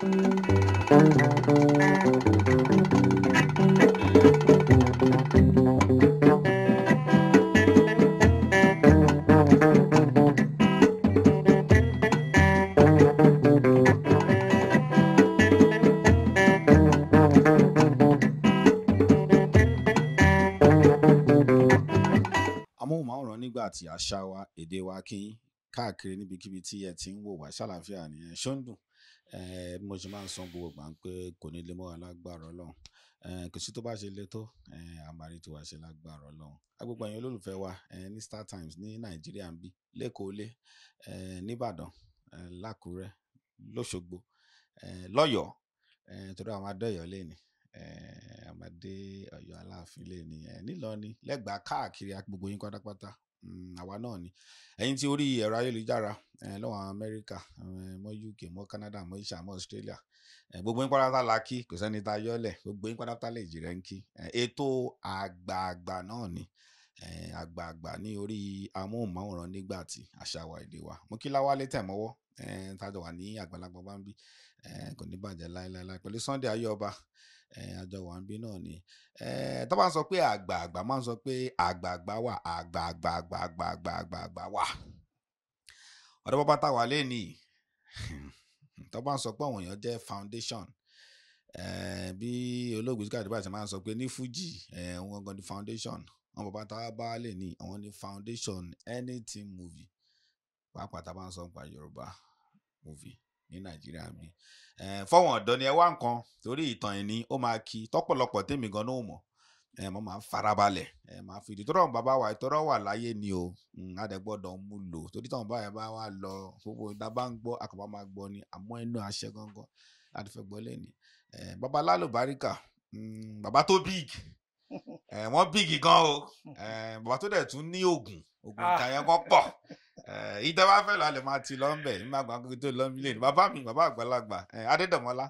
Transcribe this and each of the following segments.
àti àṣà wa èdè wa kí káàkiri níbikíbi tí ẹ ti ń wò wá ṣàlàfíà nìyẹn ṣó ń dùn bí eh, mo ṣe máa ń sọ gbogbo ìgbà pé kò ní lè mọ́ wa lágbára Ọlọ́run eh, tó bá ṣe le tó eh, a máa rí tiwa ṣe lágbára Ọlọ́run agbègbè ẹ̀yin olólùfẹ́ wa ní Star Times ní Nàìjíríà ń bí lẹ́kọ̀ọ́ lé nìbàdàn lákùrẹ́ lọ́ṣogbo lọ́yọ̀ọ́ torí àwọn adẹ́yọ̀ lé ní àmàdé Ọ̀yọ́ Aláàfin lé ní nílọrin lẹ́gbàá káàkiri gbogbo yín pátápátá Mm, àwa náà ni ẹ̀yin tí orí ẹ̀rọ ayélujára lọ́wọ́ amẹ́ríkà mọ́ uk mọ́ canada mọ́ asia mọ́ australia gbogbo yín pátá la kí kò sẹ́ni tá a yọ́lẹ̀ gbogbo yín pátá lè jìrẹ́ ń kí ètò àgbààgbà náà ni àgbààgbà ní orí amóhùnmáwòrán nígbà tí àṣà wa èdè wa mo kí láwálé tẹ̀ mọ́wọ́ tájọ wà ní àgbàlagbà bá kò ní bàjẹ́ láéláé pẹ̀lú sunday ayé ọba àjọ wà ń bí náà ni tó bá ń sọ pé àgbààgbà máa ń sọ pé àgbààgbà wà àgbààgbà àgbààgbà àgbààgbà wà ọ̀dọ́ bàbá táwa lé ní tó bá ń sọ pé àwọn èèyàn jẹ́ foundation bí olóògbé Síkírù Àdìbàtì máa ń sọ pé ní Fuji òun gangan ni foundation àwọn bàbá táwa bá lè ní àwọn ni foundation anything movie pàápàá tá a bá ń sọ nípa Yorùbá movie ní nàìjíríà bí fọwọn ọ̀dọ́ ni ẹ wá nǹkan torí ìtàn ẹni ó máa kí tọ́pọ̀lọpọ̀ tèmi gan náà mọ̀ ẹ mọ máa ń farabalẹ̀ ẹ máa fi ìdítọ́rọ̀ bàbá wa ìtọ́rọ̀ wà láyé ni o adẹ́gbọ́dọ̀ mú lò torí táwọn bàbá yẹn bá wà lọ gbogbo ìdábà ń gbọ́ àkàbà máa gbọ́ ni àmọ́ inú àṣẹ gangan láti fẹ́ gbọ́ lẹ́ni bàbá lálò baríkà bàbá tó big wọ́n big gan o bàbá tó dẹ̀ tún ní oògùn oògùn ìtàyẹn kan pọ̀ ìjọba fẹ́lẹ̀ alẹ́ máa ti lọ́nbẹ̀ nígbà gbàgbọ́ tó lọ́nbílẹ̀ ni bàbá mi bàbá àgbàlagbà adédọ̀mọ́lá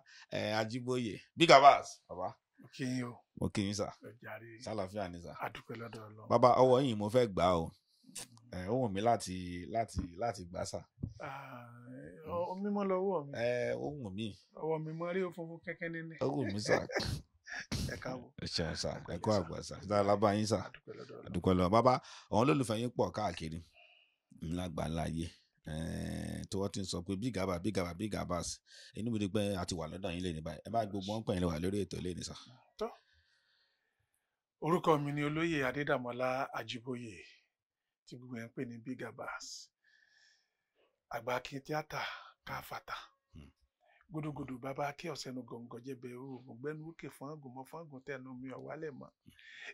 ajíbóyè big abas bàbá. mo kí yín sà sálàáfíà ni sà bàbá ọwọ́ yìí mo fẹ́ gbà o ó wù mí láti láti láti gbà sà. mímọ́ lọ́wọ́ mi. ó wù mí. ọwọ́ mi mọ rí òfófó kẹ́kẹ́ nínú. ó wù mí sà ẹ káàbọ̀ ẹ ṣeun sà ẹ kó àgbà sà dára lábàáyín sà àdúpẹ́ lọ́wọ́ bàbá àwọn olólùfẹ́ yín pọ̀ káàkiri ńlágbàláyé tí wọ́n ti ń sọ pé big abba big abba big abbas inú mi ti pẹ́ àti wà lọ́dọ̀ yín lè ní báyìí ẹ bá gbogbo wọn pẹ̀lú wà lórí ètò lè ní sà. tó orúkọ mi ni olóyè adédàmọ́lá àjíbóyè tí gbogbo yẹn ń pè ní big abbas àgbà kí tíátà káfàtà gudugudu bàbá kí ọ̀sẹ̀nu gọ̀ǹgọ̀ jẹbẹ̀ o ògbẹ́nu òkè fọ́ngùn mọ́ fọ́ngùn tẹnu mi ọ̀wálẹ̀ mọ́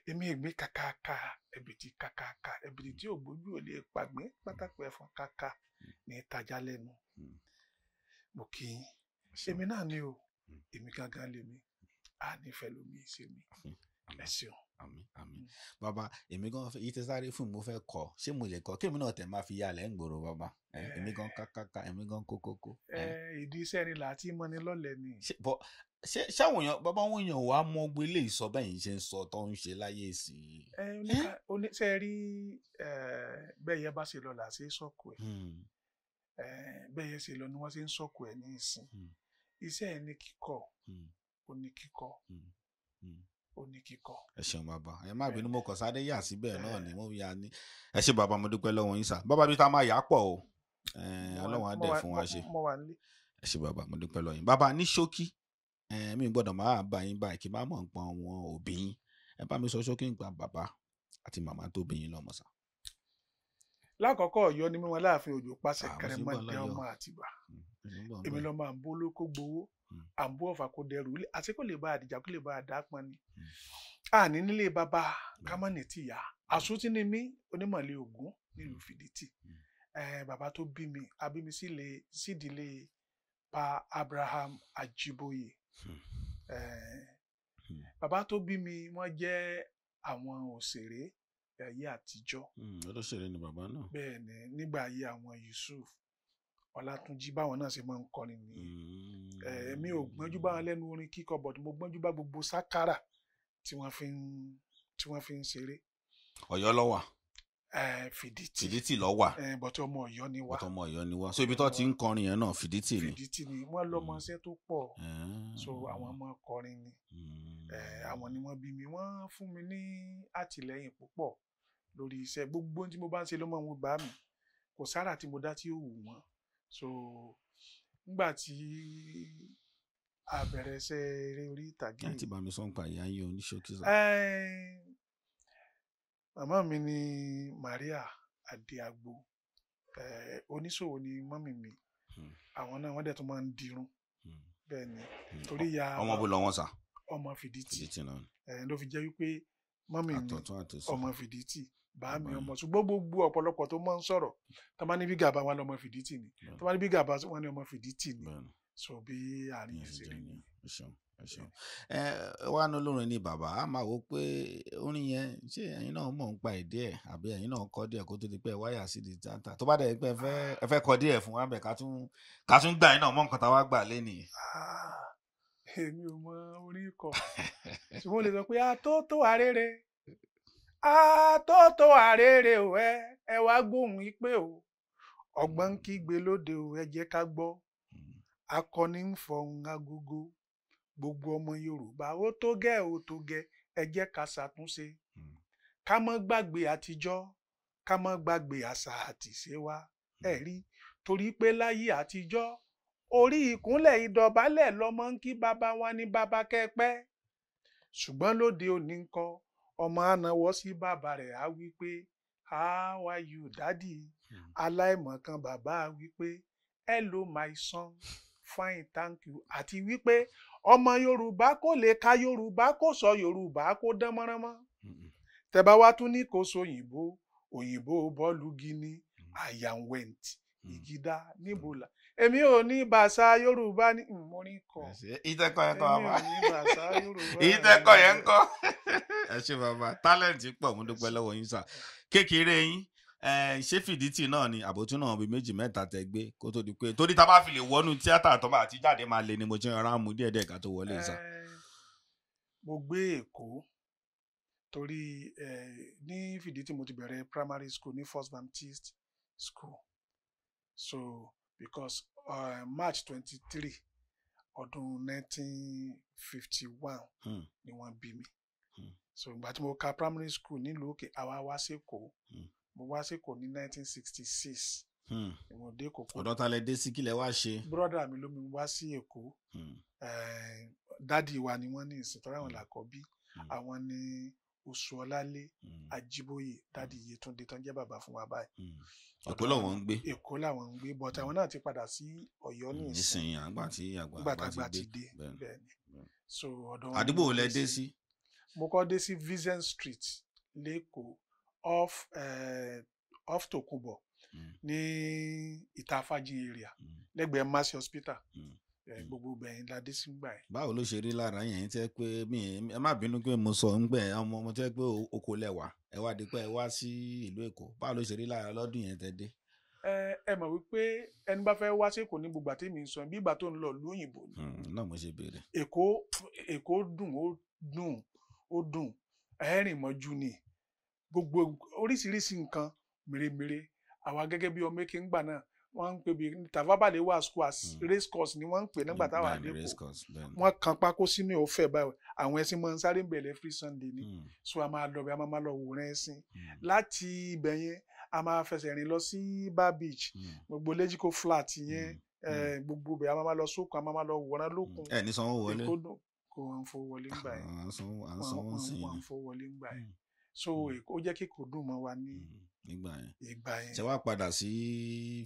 èmi ègbé kàkàkà ẹ̀bìtì kàkàkà ẹ̀bìtì tí o gbójú ò lè pàgbé pátákó ẹ̀fọn kàkà ní ìtajà lẹ́nu mo kì í èmi náà ni o hmm. èmi gangan lèmi a nífẹ̀ẹ́ lómi ìṣe mi hmm. ẹ ṣeun àmín àmín mm. bàbá èmi gan èyí tẹ sáré fún mi mo fẹ́ kọ ṣé mo lè kọ kí èmi náà tẹ máa fi yálẹ ń gbòòrò bàbá èmi gan kákáká èmi gan kókókó. ìdí iṣẹ́ ni là á ti mọ́ni lọ́lẹ̀ ni. ṣé ṣáwọn èèyàn bàbá wọn èèyàn wàá mọ gbé lè sọ bẹ́ẹ̀ ṣe ń sọ tó ń ṣe láyé sí i. ṣe rí bẹ́ẹ̀ yẹn bá ṣe lọ là á ṣe sọ̀kù ẹ̀ hmm. bẹ́ẹ̀ yẹn ṣe lọ ni wọ́n ṣe ń sọ̀kù ẹ̀ ní ìsìn hmm. iṣẹ́ ẹ̀ hmm. ní kíkọ́ ó ní kíkọ. ẹ ṣeun bàbá ẹ má bínú mo kàn sáré yà síbẹ̀ náà ni mo yà ní ẹ ṣe bàbá mo dúpẹ́ lọ́wọ́ yín sà bàbá mi ta máa yà á pọ̀ o ọlọ́wọ́n á dẹ̀ fún wa ṣe ẹ ṣe bàbá mo dúpẹ́ lọ́wọ́ yín bàbá ní ṣókí mi gbọ́dọ̀ máa bá yín báyìí kí n má mọ̀ ń pọn wọn òbí yín ẹ bá mi sọ ṣókí nípa bàbá àti màmá tó bí yín lọ́mọ sà. lákọ̀ọ́kọ́ ọ̀yọ́ ni mímọ́ à ń bú ọ̀fà kó dẹrù àti kó lè bá àdìjà kó lè bá àdá pọn ni àní mm. nílé bàbá mm. kámánì ti yá àsúntí ni mí onímọ̀lẹ́ ògún nílùú mm. fìdítì bàbá tó bí mi abí mi sídìílé pa Abraham Ajiboye hmm. Hmm. bàbá tó bí mi wọ́n jẹ́ àwọn òṣèré ayé àtijọ́. Hmm, olóṣèré ni bàbá náà. bẹ́ẹ̀ ni nígbà ayé àwọn Yusuf Ọlátúnjí báwọn náà ṣe máa ń kọrin nìyẹn hmm. èmi ò gbọ́njú báwọn lẹ́nu orin kíkọ bọ̀dù mo gbọ́njú bá gbogbo sákàrà tí wọ́n fi ń tí wọ́n fi ń ṣeré. Ọ̀yọ́ ló wà. fìdítì fìdítì ló wà. bọ̀tọ̀ ọmọ Ọ̀yọ́ ni wá. bọ̀tọ̀ ọmọ Ọ̀yọ́ ni wá so ibi tó ti ń kọrin yẹn náà fìdítì ni. fìdítì ni wọ́n lọ́mọ hmm. iṣẹ́ tó pọ̀ ah. so àwọn ọmọ kọrin ni hmm. àwọn ni wọ́n bí mi wọ́n fún mi ní àtìlẹ́yìn púpọ̀ lórí iṣẹ́ gbogbo tí mo bá ń ṣe ló mọ̀ wọ́n bá mi kò sára tí mo dá tí ó wù wọ́n so nígbà tí a bẹ̀rẹ̀ iṣẹ́ eré orí ìtàgé. láti bá mi sọ ń ìyá yín oníṣòkìsà. màmá mi ni Maria Adeagbo oníṣòwò ni mọ́mì mi hmm. àwọn náà wọ́n dẹ̀ tún máa ń dirun hmm. bẹ́ẹ̀ ni hmm. torí ya ọmọ bó lọ wọn sà ọmọ fìdítì ló fi jẹ́ wípé mọ́mì mi ọmọ fìdítì bá mi ọmọ ṣùgbọ́n gbogbo ọ̀pọ̀lọpọ̀ tó máa ń sọ̀rọ̀ tó máa ní bí gàba wọn lọmọ fìdí tì ní tó máa ní bí gàba wọn ní ọmọ fìdí tì ní so bí àárín ẹ̀sìn rẹ̀ ni. ẹ wá ní olórin ni bàbá a máa wò pé orin yẹn ṣé ẹ̀yin náà mọ̀ ń pa èdè ẹ̀ àbí ẹ̀yin náà kọ́ díẹ̀ kó tó di pé ẹ wáyà sí di tata tó bá dẹ̀ pé ẹ fẹ́ kọ́ díẹ̀ fún wa bẹ̀ ká tún gbà yín náà mọ̀ nǹkan táwa gbà lé nìyí ah, èmi ò mọ orí kọ ṣùgbọ́n lè sọ pé àtótó arére àtótó àrèrè ò ẹ ẹ wá gbóhùn ìpè o ọgbọ́n ń hmm. kígbe lóde ò ẹ jẹ́ ká gbọ́ hmm. akọni ń fọhùn agogo gbogbo ọmọ Yorùbá ó tó gẹ́ ó tó gẹ́ ẹ jẹ́ ká ṣàtúnṣe hmm. ká má gbàgbé àtijọ́ ká má gbàgbé àṣà àtìṣe wa ẹ rí torí pé láyé àtijọ́ orí ìkúnlẹ̀ ìdọ̀bálẹ̀ lọmọ ń kí bàbá wa ní bàbá kẹ́pẹ́ ṣùgbọ́n lóde òní ńkọ́ ọmọ ànáwọ́ sí bàbá rẹ̀ á wí pé how are you daddy hmm. aláìmọ̀kan bàbá á wí pé hello my son fine thank you àti wípé ọmọ yorùbá kò lè ka yorùbá kò sọ yorùbá kò dán mọ́ránmọ́ tẹ́bá wá tún ní kò sọ òyìnbó òyìnbó bọ́ọ̀lù hmm. am went. Igida hmm. níbo la èmi ò ní bàṣà yorùbá ní hmm, mo ní kọ ìtẹkọ yẹn kọ bàbá ìtẹkọ yẹn ń kọ ẹ ṣe bàbá tálẹǹtì pọ̀ mo dúpẹ́ lọ́wọ́ yín sà kékeré yín ṣé fìdítì náà ni àbótú náà bíi méjì mẹ́ta tẹ gbé kó tó di pé torí tá a bá fi lè wọnú tíátà tó bá jáde máa lè ni mo ti rán amú díẹ̀díẹ̀ ká tó wọlé sà. mo gbé èkó torí ní fìdítì mo ti bẹ̀rẹ̀ primary school ní first baptist school so because uh, March twenty three ọdún nineteen fifty one hmm. ni wọ́n bí mi hmm. so ìgbà tí mo ka primary school nílùú òkè àwa wá sí èkó hmm. mo wá sí èkó ní nineteen sixty six ìwọ̀n dé èkó. ọ̀dọ́ ta lẹ dé sí kí lẹ wá ṣe. bùrọ̀dà mi ló mi wá sí èkó eh, dádì wa ni wọ́n ní ìsìn tọ́ra àwọn làkọ́ bí àwọn ni. Hmm. Uh, oṣuọlálé hmm. ajíbóyè dádì hmm. yétúndé tán jẹ́ bàbá fún wa báyìí. Hmm. èkó làwọn ń gbé. èkó làwọn ń gbé bọ́tà àwọn náà ti padà sí ọ̀yọ́ ní ìsìn. àgbà tí àgbà ti dé bẹ́ẹ̀ so ọ̀dọ̀ wọn. àdúgbò lẹ dé sí. mo kọ́ dé sí vincent street lẹ́kọ̀ọ́ off uh, off Tokubo mm. ní ìta area mm. lẹ́gbẹ̀ẹ́ mercy hospital. Mm Eh, gbogbo gbẹ̀yìn la dé sí gbà yẹn. báwo ló ṣe rí lára yẹn tẹ́ pé mi ẹ má bínú pé mo sọ ńgbẹ ọmọ ọmọ tẹ́ pé oko lẹ́wà ẹ wá dípẹ́ ẹ wá sí ìlú èkó báwo ló ṣe rí lára lọ́dún yẹn tẹ́ dé. ẹ ẹ mọ̀ wípé ẹni bá fẹ́ wá sí èkó ní gbogbo àtẹ́mi sọ bí ìgbà tó ń lọ ìlú ni. Hmm, náà mo ṣe béèrè. èkó èkó dùn ó dùn ó dùn ẹ̀rìn mọ́jú ni gbogbo oríṣiríṣi nǹkan mèremère àwa gẹ́gẹ́ bí ọmọ wọ́n ń pè bí tàfábàlẹ̀ as squash hmm. race course ni wọ́n ń pè nígbà hmm, táwọn àdékò wọ́n kan pákó sínú ìhòfẹ́ báyìí àwọn ẹṣin máa ń sáré ń bẹ̀rẹ̀ free sunday ni hmm. so a máa lọ bẹ a máa lọ wòran ẹṣin láti ibẹ̀ yẹn a máa fẹsẹ̀ rìn lọ sí bar beach gbogbo lẹ́jìkó flat yẹn gbogbo bẹ̀ a máa lọ sókun a máa lọ wòran lókun ẹ̀ ní sanwó wọlé kò wọ́n fowó wọlé ń gbà yẹn wọ́n fowó wọlé ń gbà yẹn so ó jẹ́ kí kò dùn mọ́ wa ní nígbà yẹn ìgbà yẹn ṣe wá padà sí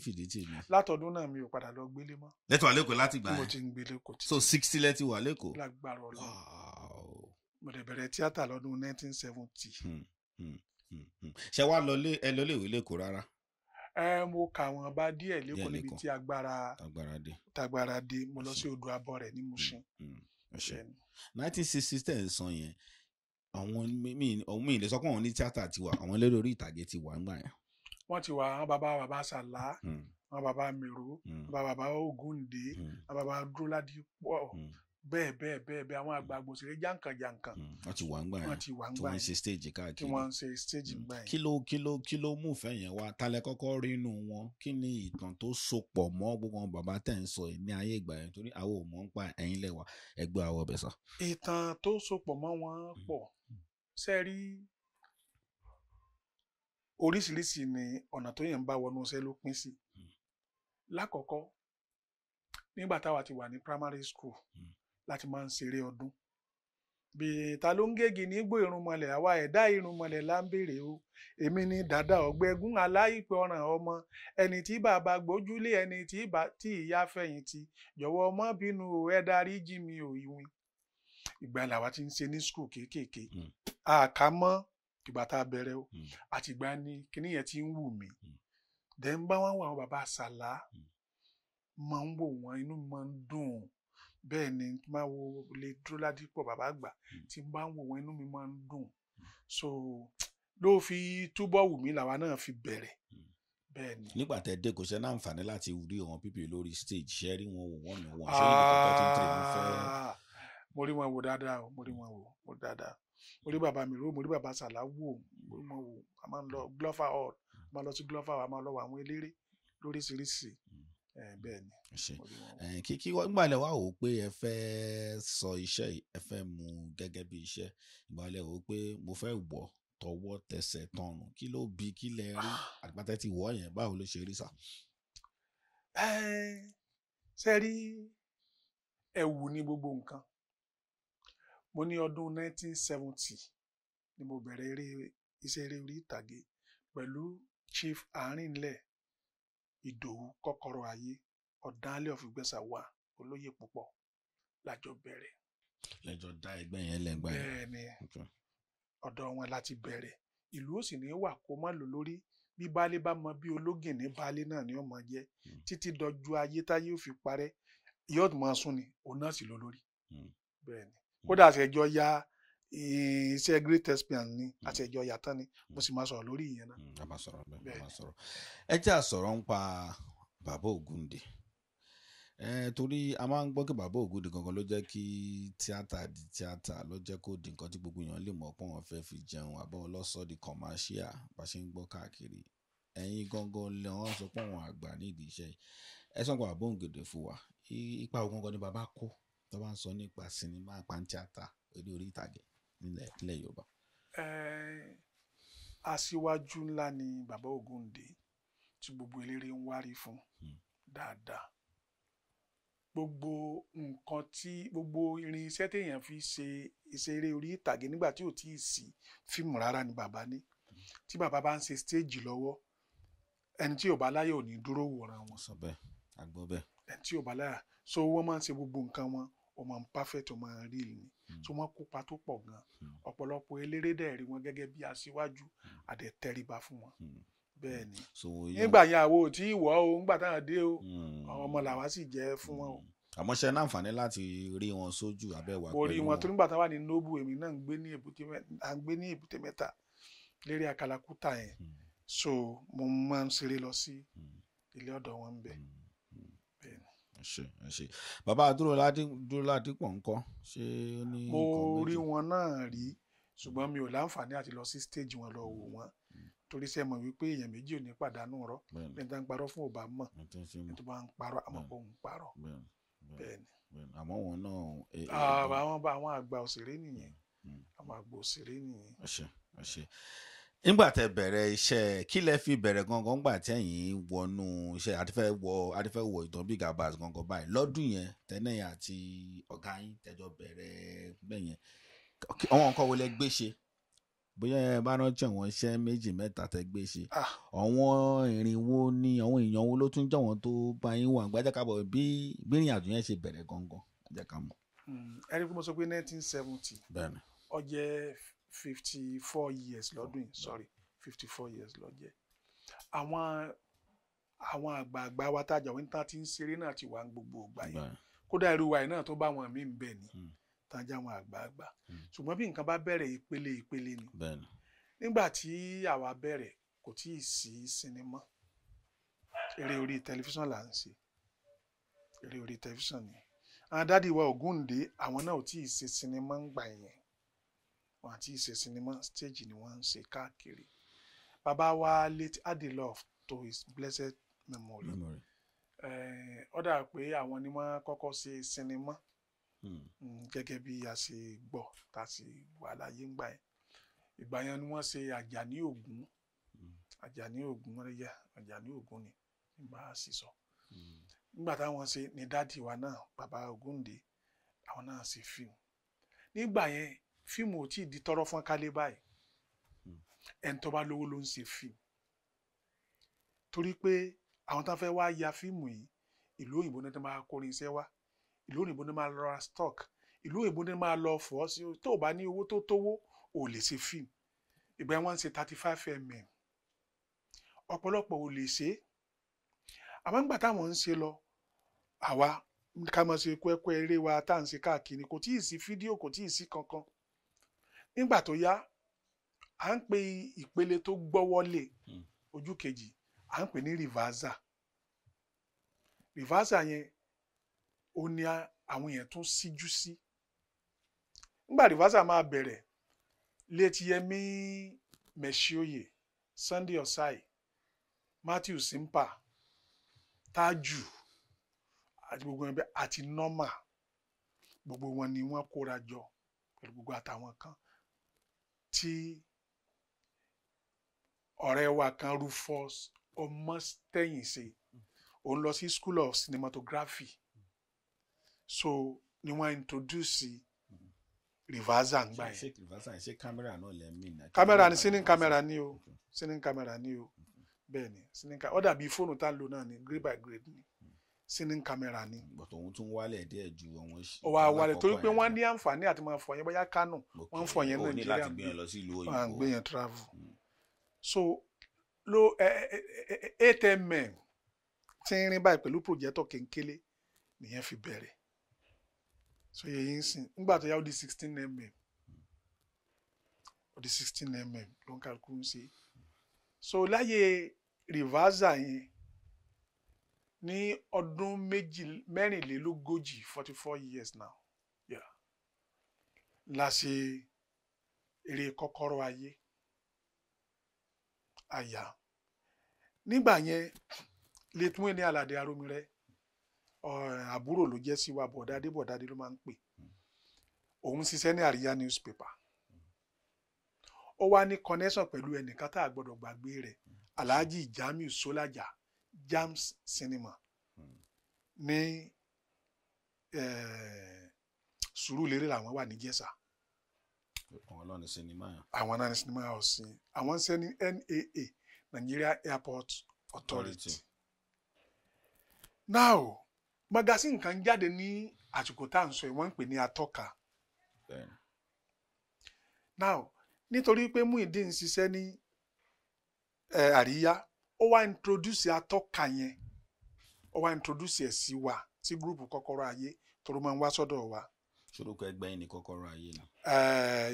fìdítì mi. látọdún náà mi ò padà lọ gbélé mọ́. lẹ́tọ̀ wà láti gbà yẹn mo ti ń gbélé kò tí. so sixty lẹ́tì wà lẹ́kọ̀ọ́. lágbára ọ̀la mo dẹ̀ bẹ̀rẹ̀ tíátà lọ́dún nineteen seventy. ṣe wá lọlé ẹ lọlé ìwé lẹ́kọ̀ọ́ rárá. ẹ mo kà wọn bá díẹ̀ lẹ́kọ̀ọ́ níbi tí agbára tagbára dé mo lọ sí odò abọ́rẹ̀ ní Mùṣín. Hmm, hmm, nineteen sixty ten sàn yẹn àwọn mi ọ̀hún mi lè sọ pé àwọn ní tíátà ti wà àwọn eléré orí ìtàgé ti wà ńgbà yẹn. wọ́n ti wà àwọn bàbá bàbá sàlá hmm. àwọn bàbá miro hmm. bàbá bàbá ògúndé hmm. àwọn bàbá dúróládìpọ̀ bẹ́ẹ̀ bẹ́ẹ̀ bẹ́ẹ̀ bẹ́ẹ̀ àwọn àgbààgbò ṣeré jàǹkànjàǹkàn. wọ́n ti ti wà ń yẹn tí wọ́n ń ṣe stage káàkiri tí wọ́n ń ṣe stage gbà yẹn. kilo kilo kí ló kí ló mú ìfẹ́ yẹn wá talẹ̀ kọ́kọ́ rí inú wọn kí ni ìtàn tó so pọ̀ mọ́ gbogbo àwọn bàbá tẹ̀ ń sọ ní ayé ìgbà yẹn torí àwọn ò mọ̀ ń pa ẹ̀yin lẹ́wà ẹgbẹ́ àwọ̀ bẹ̀ sà. ìtàn tó so pọ̀ mọ́ wọn pọ̀ ṣe rí oríṣiríṣi ni ọ̀nà tó yẹn ń bá wọnú iṣẹ́ ló pín sí lákọ̀ọ́kọ́ nígbà táwa ti wà ní primary school mm. láti máa ń ṣeré ọdún bí ta ló ń gégi nígbò irunmọlẹ̀ àwa ẹ̀dá irunmọlẹ̀ là ń béèrè o èmi ni dàda ọ̀gbẹ́gún aláìpẹ́ ọ̀ràn ọmọ ẹni tí bàbá gbójúlé ẹni tí ìyá fẹ̀yìntì jọ̀wọ́ ọmọ bínú ẹ dárí jí mi ò ìwìn ìgbà làwa ti ń ṣe ní skul kéékèèké hmm. àká mọ́ ìgbà tá a bẹ̀rẹ̀ o hmm. àti ìgbà ni kíní yẹn ti ń wù mí dẹ̀ hmm. ń bá wọn wà wọn bàbá àṣàlá máa ń wò wọn inú mi máa ń dùn bẹ́ẹ̀ ni máa wo lè dúró ládìpọ̀ bàbá àgbà tí n bá ń wò wọn inú mi máa ń dùn so ló fi túbọ̀ wù mí làwa náà fi bẹ̀rẹ̀ bẹ́ẹ̀ ni. nígbà tẹ dé kò sẹ náà àǹfààní láti rí àwọn pípé lórí stage ṣe rí wọn wọn ní wọn ṣé ìdíkọ̀tọ̀ tí ń tẹ̀lé fẹ́ mo rí wọn wò dáadáa o mo rí wọn wò mo rí dáadáa mo rí bàbá mi ró mo rí bàbá sàlá wò mo rí wọn wò a máa ń lọ glover hall a máa lọ sí glover hall a máa lọ wọ àwọn eléré lóríṣiríṣi bẹ́ẹ̀ ni. kíkí ìgbàlẹ̀ wà ó pé ẹ fẹ́ sọ iṣẹ́ ẹ fẹ́ mú gẹ́gẹ́ bí iṣẹ́ ìgbàlẹ̀ ó pé mo fẹ́ wọ̀ tọwọ́ tẹsẹ̀ tọrùn kí ló bí kí lẹ rí ah! àgbàtẹ́ ti wọ̀ yẹn báwo ló ṣe rí sà. ṣe rí ẹ̀wù ni gbogbo nǹkan mo ní ọdún 1970 ni mo bẹ̀rẹ̀ eré iṣẹ́ eré orí ìtàgé pẹ̀lú Chief Àárínlẹ̀ Ìdòwú Kọ́kọ́rọ́ Ayé Ọ̀dánlẹ̀ of Igbẹ́sà wà olóyè púpọ̀ lájọ bẹ̀rẹ̀. lẹjọ dá ẹgbẹ́ yẹn lẹgbà yẹn. bẹ́ẹ̀ni ọ̀dọ̀ wọn láti bẹ̀rẹ̀ ìlú ó sì ní wà kó má lò lórí bí baálé bá mọ bí ológin ní baálé náà ni ó mọ jẹ hmm. títí dọjú ayé táyé ó fi parẹ́ yóò máa sún ni òun náà sì lò lórí. Hmm. bẹ́ẹ̀ni kódà àṣẹjọ ya iṣẹ́ great experience ni àṣẹjọ hmm. ya tán ni mo hmm. sì máa sọ̀rọ̀ lórí ìyẹn náà. Hmm, a máa sọ̀rọ̀ bẹ́ẹ̀ a máa sọ̀rọ̀ ẹ jẹ́ àsọ̀rọ̀ ń pa bàbá Ògúndé torí a máa ń gbọ́ kí bàbá Ògúndé gangan ló jẹ́ kí tíátà di tíátà ló jẹ́ kó di nǹkan tí gbogbo èèyàn lè mọ̀ pé wọ́n fẹ́ fi jẹun àbọ̀ ọlọ́sọ̀ di kọ̀máṣíà bá ṣe ń gbọ́ káàkiri ẹ̀yin gangan lè wọ́n sọ pé wọ́n àgbà nídìí iṣẹ́ ẹ̀ sọ́n pa bàbá fún wa ipa ogun ni bàbá kó tó bá ń sọ nípa sinimá pantiata eré orí ìtàgé nílẹ̀ Yorùbá. aṣíwájú ńlá ni bàbá Ògúndé tí gbogbo eléré ń wárí fún hmm. dáadáa gbogbo nǹkan tí gbogbo irinṣẹ́ téèyàn fi ṣe ìṣeré orí ìtàgé nígbà tí ò tí ì sí fíìmù rárá ni bàbá ní tí bàbá bá ń ṣe stéèjì lọ́wọ́ ẹni tí ò bá láyà ò ní dúró wòran wọn. sọ bẹ́ẹ̀ àgbọ bẹ́ẹ̀. ẹni tí ò láyà so wọ́n máa ń ṣe gbogbo nǹkan wọn ó máa ń perfect ó real ni tí hmm. wọ́n kópa tó pọ̀ gan hmm. ọ̀pọ̀lọpọ̀ eléré dẹ̀ rí wọn gẹ́gẹ́ bí aṣíwájú àdẹ̀tẹríba hmm. fún wọn bẹ́ẹ̀ ni nígbà yẹn àwo tí ìwọ o ńgbà táwọn dé o àwọn ọmọ làwa sì jẹ́ fún wọn o àmọ́ ṣe láǹfààní láti rí wọn sójú abẹ́wà pẹ̀lú wọn. orí wọn tó nígbà táwa ní nobu èmi náà ń gbé ní èbúté mẹ́ta ń gbé ní èbúté mẹ́ta lérí àkàlàkùtà yẹn so mo máa ń ṣeré lọ sí ilé ọ̀dọ̀ wọn ń ẹ ṣe ẹ ṣe bàbá dúróládé dúróládépọ̀ ńkọ́ ṣé ó ní. mo rí wọn náà rí ṣùgbọ́n mi ò láǹfààní àti lọ sí stage wọn lọ wò wọ́n hmm. torí sẹ́ mọ̀ wípé èèyàn méjì ò ní pàdánù rọ bí n ta ń parọ́ fún ọba mọ̀ bí n tó bá ń parọ́ àmọ́ kò ń parọ́ bẹ́ẹ̀ni. àmọ́ wọn náà. Eh, eh, ah, eh, àwọn àgbà òṣèré nìyẹn hmm, hmm. àwọn àgbà òṣèré nìyẹn. ẹ ṣe ẹ ṣe nígbà tẹ bẹ̀rẹ̀ iṣẹ́ kí lẹ fi bẹ̀rẹ̀ gangan gbà tí ẹ̀yin wọnú iṣẹ́ àtifẹ́ wọ àtifẹ́ wọ ìtàn Big Abass gangan báyìí lọ́dún yẹn tẹ́nẹ̀yìn àti ọ̀gá yín tẹ́jọ bẹ̀rẹ̀ bẹ́ẹ̀ yẹn nǹkan wo lẹ gbé ṣe bóyá ẹ bá rántí àwọn iṣẹ́ méjì mẹ́ta tẹ gbé ṣe ah. àwọn ìrìnwó ni àwọn èèyàn wo ló tún jẹ́ àwọn tó bá yín wà gbájá kábọ̀ bí gbìyànjú àjò yẹn ṣe bẹ̀rẹ̀ gangan ẹ jẹ́ ká mọ̀. Hmm, ẹ rí i pé mo sọ pé 1970. seventy ó fifty four years lọ́dún yìí sorry fifty four years ló jẹ́ àwọn àwọn àgbààgbà wa tájà wọn tá ti ń ṣeré náà ti wà ní gbogbo ìgbà yẹn kódà irú wa yìí náà tó bá wọn mí ń bẹ ni hmm. tájà wọn àgbààgbà hmm. ṣùgbọ́n bí nǹkan bá bẹ̀rẹ̀ ìpele ìpele ni nígbà tí àwa bẹ̀rẹ̀ kò tí ì sí sinimá eré orí tẹlifíṣàn là ń ṣe eré orí tẹlifíṣàn ni àwọn dádì wa Ògúndé àwọn náà ò tí ì ṣe sinimá ń gbà yẹn wọn àti ìṣe sinimá stage ni wọ́n ń ṣe káàkiri bàbá wa late Adelove to his blessed memory eh, ó dà pé àwọn ni wọ́n kọ́kọ́ ṣe sinimá hmm. Hmm, gẹ́gẹ́ bí a ṣe gbọ́ tá a sì wà láyé ńgbà yẹn ìgbà yẹn ni wọ́n ṣe Àjàní Ògún hmm. Àjàní Ògún rẹ́yà Àjàní Ògún ni nígbà sísọ nígbà táwọn ṣe ni dáàdi wa náà bàbá Ògúndé àwọn náà ṣe fíìmù nígbà yẹn fíìmù ò tí ì di tọrọ fún kálé báyìí hmm. ẹni tó bá lówó ló ń ṣe fíìmù torí pé àwọn tó fẹ́ wá ya fíìmù yìí ìlú òyìnbó ní ti máa kórin iṣẹ́ wá ìlú òyìnbó ní máa lọ ra stock ìlú òyìnbó ní máa lọ fọ́ sí tó o bá ní owó tó tówó ò lè ṣe fíìmù ìgbà wọn ń ṣe thirty five mm ọ̀pọ̀lọpọ̀ ò lè ṣe àmọ́ nígbà táwọn ń ṣe lọ àwa ká máa ṣe kúẹ́kúẹ́ eré wa tá à ń ṣe káàkiri kò tí ì sí fídíò kò tí ì sí kankan nígbà tó yá à ń pe ìpele tó gbọ́wọ́lé hmm. ojú kejì à ń pè ní rìvásà rìvásà yẹn ó ní àwọn èèyàn tó síjú sí nígbà rìvásà máa bẹ̀rẹ̀ létíyẹmí mẹ̀ṣíòyè Sunday Osai Matthew Simpa Tájù àti gbogbo ẹgbẹ́ àti Norma gbogbo wọn ni wọ́n kóra jọ pẹ̀lú gbogbo àtàwọn kan tí ọ̀rẹ́ wa kan Rufus Ọmọtẹ́yìn ṣe òun lọ sí school of cinematography so ni wọ́n introduce reversal ń gbà yẹn. ṣé kámẹ́rà náà lẹ́ mí náà. kámẹ́rà ni sinin kámẹ́rà ni o sinin kámẹ́rà ni o bẹ́ẹ̀ ni sinin kámẹ́rà ó dàbí fóònù tá a lò náà ni grade by grade ni sinin kamẹra ni. bọ̀tọ̀ òun tún wálẹ̀ díẹ̀ ju àwọn ìṣe. ọwọ́ àwàlẹ̀ torí pé wọ́n ní àǹfààní àti máa fọyín bóyá Kánò wọ́n ń fọyín Nàìjíríà. ó ní láti gbìyànjú lọ sí ìlú òyìnbó. à ń gbìyànjú travel. Hmm. so lo eight mm ti ń rin báyìí pẹ̀lú projector kéńkélé nìyẹn fi bẹ̀rẹ̀ so yẹ yín sìn nígbà tó yá ó di sixteen mm ó di sixteen mm ló ń kálukú ń ṣe so láyé rìvásà yẹn ní ọdún méjì mẹ́rìnlélógójì forty four years now yeah. la ṣe eré kọ́kọ́rọ́ ayé àyà nígbà yẹn létún ní aládé arómirẹ àbúrò ló jẹ́ sí wa bọ̀dádé bọ̀dádé ló máa ń pè òun ṣiṣẹ́ ní àríyá newspaper ó wá ní connection pẹ̀lú ẹnìkan tá a gbọ́dọ̀ gbàgbé rẹ̀ aláàjì jamiu sólàjà. Ja Jams Cinema hmm. ní eh, Sùúrùlérè làwọn wà ní Jẹ̀ṣà. àwọn náà ni sinimá yẹn. àwọn náà ni sinimá yẹn àwọn ń ṣe ní NAA Nigeria Airport Authority. now magazine kan jáde ní àsìkò tá à ń sọ yìí wọ́n ń pè ní atọ́ka. now nítorí pé Muyideen ń ṣiṣẹ́ ní eh, àríyá. Eh, ó wá introduce atọ́ka yẹn ó wá introduce ẹ̀ sí wa sí gúrùpù kọ́kọ́rọ́ ayé tóró máa ń wá sọ́dọ̀ wa. sorúkọ ẹgbẹ́ yẹn ni kọ́kọ́rọ́ ayé náà.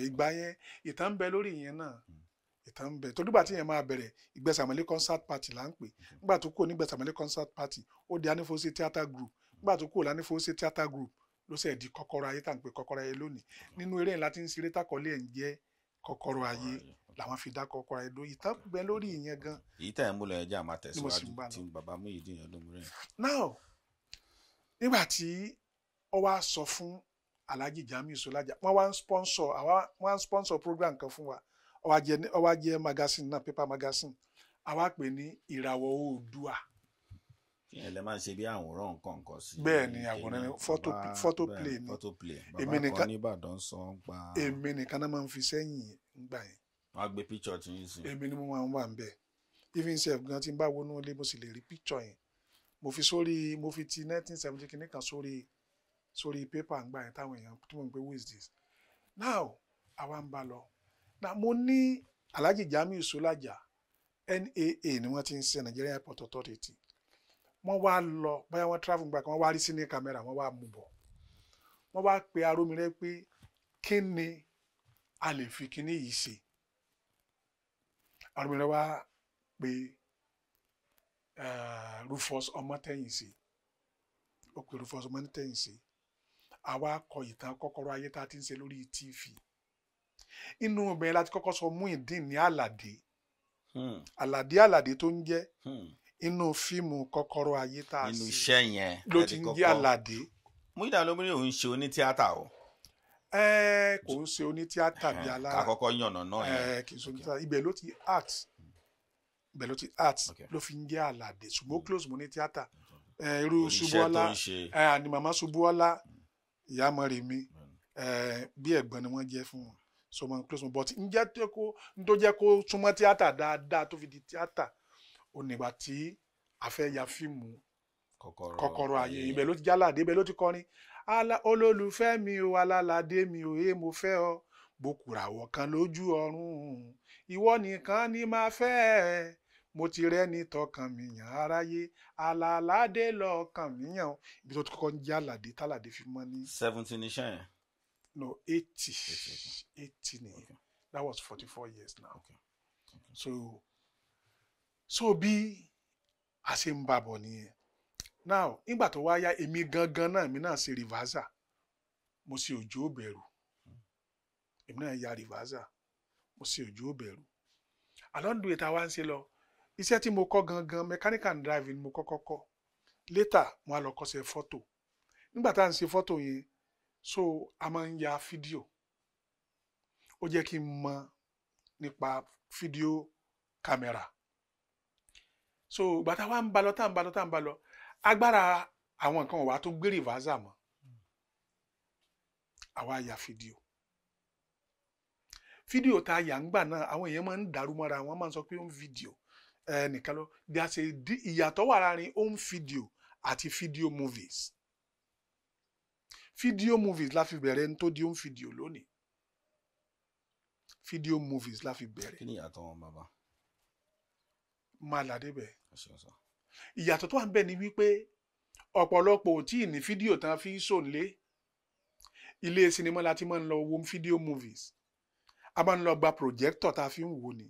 ìgbà yẹn ìtàn ń bẹ lórí yẹn náà hmm. ìtàn ń bẹ torí gbà tí yẹn máa bẹ̀rẹ̀ ìgbẹ́sàmọ́lé concert party là ń pè hmm. nígbà tó kúrò ní ìgbẹ́sàmọ́lé concert party ó di anífowóṣe theatre group nígbà tó kúrò lánífowóṣe theatre group ló ṣe di kọ́kọ́rọ́ ayé tá à ń pè kọ́kọ́rọ́ ayé lónìí hmm. nínú eré ńlá tí ń ṣeré tàkọ́lé ẹ̀ ń jẹ́ kọ́kọ́rọ́ ayé làwọn fi dákọ ọkọ rẹ lórí ìtàn bẹ lórí ìyẹn gan. èyí tẹ̀ ń mú lọ ẹja máa tẹ̀síwájú tí bàbá Muyideen Olómorè. now nígbà tí ó wá sọ fún Alhaji Jamiu Solaja wọn wá sponsor àwa wọn sponsor program kan fún wa ó wá jẹ ó wá magazine náà paper magazine àwa pè ní ìràwọ̀ oòdùà. ìyẹn lè máa ṣe bí àwòrán nǹkan kan sí. bẹ́ẹ̀ ni àwòrán photo photo play ni èmi nìkan bàbá kan ní Ìbàdàn sọ ń pa. èmi nìkan náà máa ń fi sẹ́yìn gbà yẹn wọ́n á gbé picture tí yín sí. èmi ni mo máa ń wà ń even self gan tí n bá wọnú ilé mo sì lè rí picture yẹn mo fi sórí mo fi ti nineteen seventy kìíní kan sórí sórí paper ń gbà yẹn táwọn èèyàn tó mọ̀ pé who is this now àwa ń bá lọ na mo ní Alhaji Jamiu Solaja NAA ni wọ́n ti ń ṣe Nigerian Airport Authority wọ́n wá lọ bóyá wọ́n travel gbà kan wọ́n wá rí sí ní kámẹ́rà wọ́n wá mú bọ̀ wọ́n wá pe arómirẹ́ pé kí ni a lè fi kíní yìí ṣe ọ̀rọ̀mìnira wá pé eh, Rufus Ọmọtẹ̀yìnsì ó pè Rufus Ọmọtẹ̀yìnsì àwa kọ ìtàn kọ́kọ́rọ́ ayé tá a ti ń ṣe lórí TV inú ọbẹ̀ láti kọ́kọ́ sọ Muyideen ní Àlàdé Àlàdé hmm. Àlàdé tó ń jẹ́ hmm. inú fíìmù kọ́kọ́rọ́ ayé tá a ṣe ló ti ń jẹ́ Àlàdé. Muyideen ló òun ṣe oní o ẹ kò ń ṣe onítíátà bíi alára kakọkọ yànnà náà yẹn kì í ṣe onítíátà ibẹ̀ ló ti art ibẹ̀ ló ti art ló fi ń jẹ́ àlàdé ṣùgbọ́n hmm. close mo ní tíátà hmm. irú ṣubúọ́lá àní màmá ṣubúọ́lá hmm. ìyá mọ̀rẹ̀ mi bí ẹ̀gbọ́n ni wọ́n jẹ́ fún wọn so mo close mo but ǹjẹ́ tó jẹ́ kó súnmọ́ tíátà dáadáa tó fi di tíátà onígbà tí a fẹ́ ya fíìmù kọ́kọ́rọ́ ayé ibẹ̀ ló ti jálàdé ibẹ̀ ló ti kọrin olólùfẹ́ mi o alálàdé mi o èé e mo fẹ́ ọ bòkùràwọ̀ kan lójú ọ̀run ìwọ nìkan ni máa fẹ́ ẹ mo ti rẹ́ni tọkàn mi yàn aráyé alálàdé lọ́ọ̀kàn mi yàn ibi tó kọ́kọ́ ń jẹ́ àlàdé tálàdé fi mọ́ ní. seventeen ní sẹ́yìn. no eighty eighty ni that was forty four years now okay. Okay. so so bí a ṣe ń bá nìyẹn now nígbà tó wá yá èmi gangan náà èmi náà ṣe rìvásà mo ṣe òjò bẹ̀rù èmi náà ya rìvásà mo ṣe òjò bẹ̀rù àlọ́ndù ètò àwa ń ṣe lọ iṣẹ́ tí mo kọ́ gangan mechanical and driving mo kọ́kọ́ kọ́ létà mo á lọ kọ́ṣẹ́ fọ́tò nígbà tá à ń ṣe fọ́tò yẹn so a máa ń ya fídíò ó jẹ́ kí n mọ nípa fídíò kámẹ́rà so ìgbà tá a wá ń balọ̀ tá ń balọ̀ tá ń balọ̀ agbára àwọn nǹkan ọ̀wá tó gbé rìvásà mọ́ àwa ya fídíò fídíò tá a yà ń gbà náà àwọn èèyàn máa ń dàrú mọ́ra wọn máa ń sọ pé ó ń fídíò eh, nìkan lọ bí a ṣe di ìyàtọ̀ wà láàrin home fídíò àti fídíò movies fídíò movies la fi bẹ̀rẹ̀ ní tó di home fídíò lónìí fídíò movies la fi bẹ̀rẹ̀. kí ni ìyàtọ̀ wọn bàbá. máa là débẹ̀. ẹ ṣeun ìyàtọ̀ tó wà ń bẹ̀ ni wípé ọ̀pọ̀lọpọ̀ ò tí ì ní fídíò tán fi ń sòǹlé ilé sinimá láti máa ń lọ wo fídíò movies a máa ń lọ gba projector tá a fi ń wò ni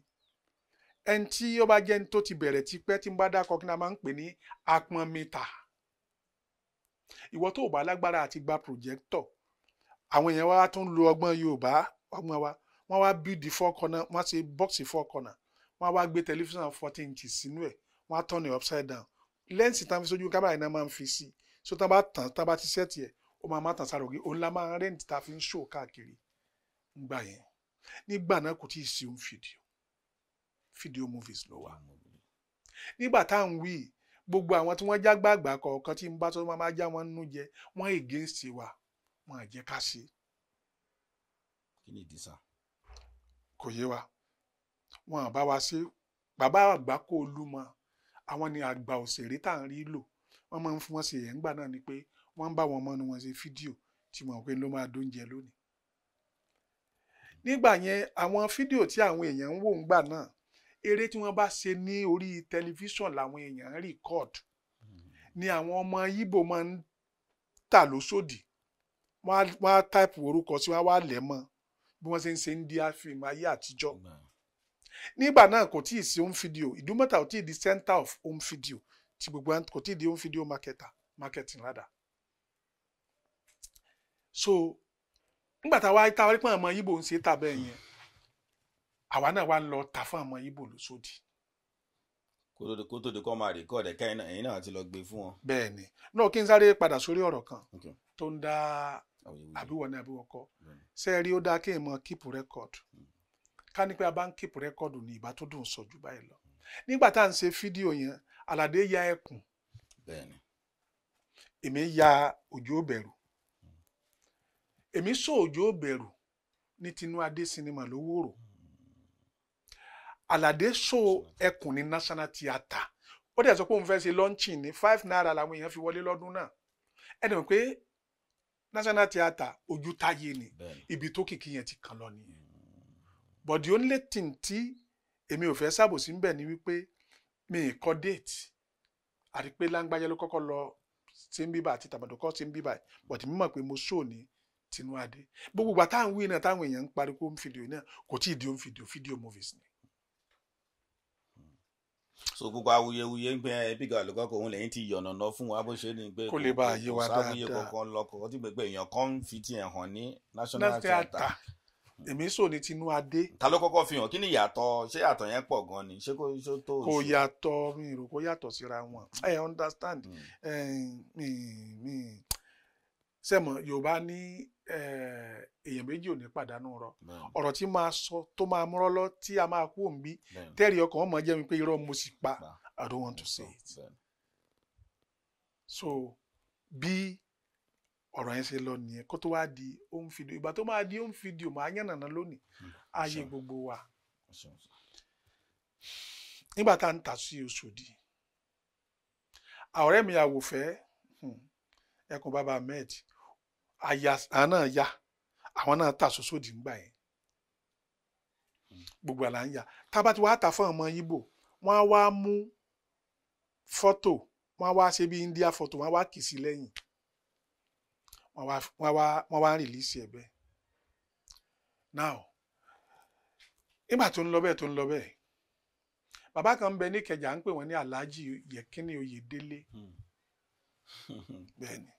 ẹni tí ó bá jẹ́ ní tó ti bẹ̀rẹ̀ tipẹ́ tí ń bá dákọ̀ kí n máa ń pè ní apọnmítà ìwọ tó o bá lágbára àti gba projector àwọn èèyàn wa tún lo ọgbọ́n Yorùbá ọgbọ́n wa wọ́n wá bíìdì four corner wọ́n ṣe bọ́ọ̀sì four corner wọ́n wá gbé tẹlifíṣàn fourteen inches sínú ẹ̀ wọ́n á tọ́ ní upside down lẹ́ǹsì tán fi sójú kábàáyé náà máa ń fi sí so tán bá tàn tán bá ti sẹ́ẹ̀tì ẹ̀ ó máa má tàn sára ògiri òun la máa rẹ́ǹtì tá a fi ń ṣò káàkiri ngbà yẹn nígbà náà kò tí sí ohun fídíò fídíò movies ló wà nígbà tá à ń wí gbogbo àwọn tí wọ́n jágbàgbà kọ̀ọ̀kan tí ń bá tó máa já wọn nú jẹ wọ́n against wa wọn àjẹ́ ká ṣe. kí ni ìdí sá. kò yé wa wọn àbá wa ṣe bàbá àgbà kó olúmọ àwọn ni àgbà òṣèré tá à ń rí lò wọ́n máa ń fún wọn ṣe yẹn ńgbà náà ni pé wọ́n ń bá wọn mọ́nu wọn ṣe fídíò tí wọ́n pé ló máa dóúnjẹ lónìí. nígbà yẹn àwọn fídíò tí àwọn èèyàn ń wò ńgbà náà eré tí wọ́n bá ṣe ní orí tẹlifíṣàn làwọn èèyàn ń rìkọ́d hmm. ni àwọn ọmọ Yíbò máa ń tà lóṣòdì wọ́n á táìpù orúkọ sí wọ́n á wá lẹ̀ mọ́ bí wọ́n ṣe ń ṣe ń di àfihàn ayé àtijọ́. Mm nígbà náà kò tíì sí home video ìdúmọ̀tà ò tíì di center of home video tí gbogbo à kò tíì di home video marketer marketing rather so nígbà táwa táwa rí pé àwọn ọmọ Yíbò ń ṣe tàbẹ́ yẹn àwa náà wá lọ tà fún àwọn Yíbò lóṣòdì kó tó di kọ́ máa rìkọ́ọ̀dẹ̀ kẹ́yìn náà ẹ̀yìn náà ti lọ gbé fún wọn. bẹ́ẹ̀ni náà kí n sáré padà sórí ọ̀rọ̀ kan tó ń dá àbíwọ ní àbíwọ kọ ṣe rí ó dáa kí n mọ keep record. Hmm ká ní pé a bá ń kíp rẹ́kọ̀dù ní ìbá tó dùn sọ jù báyìí lọ nígbà tá à ń ṣe fídíò yẹn Aládé ya ẹkùn èmi ya Òjó Bẹ̀rù èmi sọ Òjó Bẹ̀rù ní tinú adé sinimá lówóró Aládé sọ ẹkùn ní National Theatre ó dẹ̀ sọ pé òun fẹ́ ṣe launching ní five naira làwọn èèyàn fi wọlé lọ́dún náà ẹ̀ dẹ̀ mọ̀ pé National Theatre ojú táyé ni ibi tó kìkì yẹn ti kàn lọ nìyẹn but the only thing tí èmi ò fẹ́ ṣàbòsí ń ni wípé mi ì kọ date àti pé láńgbájá ló kọ́kọ́ lọ tí ń bíbà àti tàbàdàn kọ́ tí ń bíbà but mi mọ̀ pé mo ṣó ní tinú adé gbogbo ìgbà táwọn wí náà táwọn èèyàn ń pariwo home video náà kò tí ì di home video movies ni so gbogbo awuyewuye ń gbẹ ẹbí ga olùkọ́ kò ń lẹ́yìn tí yọ̀nà náà fún wa bó ṣe ní gbé kó lè bá kankan lọ́kọ̀ ó gbẹgbẹ èèyàn kan fi tiẹ̀ hàn ní national theatre èmi sọ ní tinú adé. ta ló kọ́kọ́ fi hàn kí ni ìyàtọ̀ ṣé yàtọ̀ yẹn pọ̀ gan ni ṣé kò ṣó tó. kò yàtọ̀ mi rò kó yàtọ̀ síra wọn hmm. ẹ understand mi mi sẹ́mọ̀ yorùbá ní èèyàn méjì ò ní pàdánù rọ ọ̀rọ̀ tí máa sọ tó máa múrọ́ lọ tí a máa kú òǹbí tẹ́rì ọkàn wọn mọ̀ jẹ́ mi pé irọ́ mo sì pa I don't want to say it. so bí ọ̀rọ̀ yẹn ṣe lọ nìyẹn kó tó wá di home video ìgbà tó máa di home video màá yàn nàná lónìí ààyè hmm. gbogbo wa nígbà tá à ń tà sí Òṣòdì ọ̀rẹ́ mi àwòfẹ́ hmm, ẹkùn bàbá ahmed àwọn náà ya àwọn náà tà sósòdì ńgbà yẹn hmm. gbogbo àlà ń ya tábà tí wàá tà fún ọmọ ibo wọn á wá mú fọ́tò wọn á wá ṣe bí india fọ́tò wọn á wá kì sí lẹ́yìn wọ́n wá wọ́n wá rìlíìsì ẹ̀ bẹ́ẹ̀ now nígbà tó ń lọ bẹ́ẹ̀ tó ń lọ bẹ́ẹ̀ bàbá kan ń bẹ ní Ìkẹjà ń pè wọ́n ní Alhaji Yẹkínní Oyèdélé hmm. bẹ́ẹ̀ ni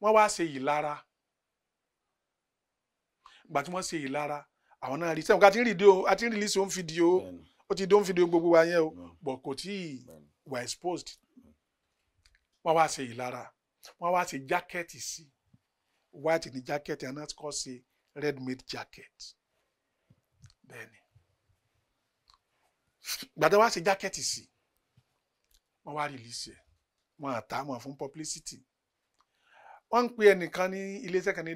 wọ́n wá ṣe ìlara ìgbà tí wọ́n ṣe ìlara àwọn náà rí sẹ́wọ̀n ká ti ń rìdí o a ti ń rìlíìsì ó ń fídíò ó ti dó ń fídíò gbogbo wa yẹn o hmm. bọ̀ kò tí ì wà exposed hmm. wọ́n wá ṣe ìlara wọ́n wá ṣe jákẹ́ẹ̀tì sí white ni jákẹ́ẹ̀tì àná called ṣe red made jacket bẹ́ẹ̀ ni gbàdá wá ṣe jákẹ́ẹ̀tì sí wọ́n wá rìlíìsì ẹ̀ wọ́n àtàmọ̀ fún publicity wọ́n ń pe ẹnìkan ní iléeṣẹ́ kan ní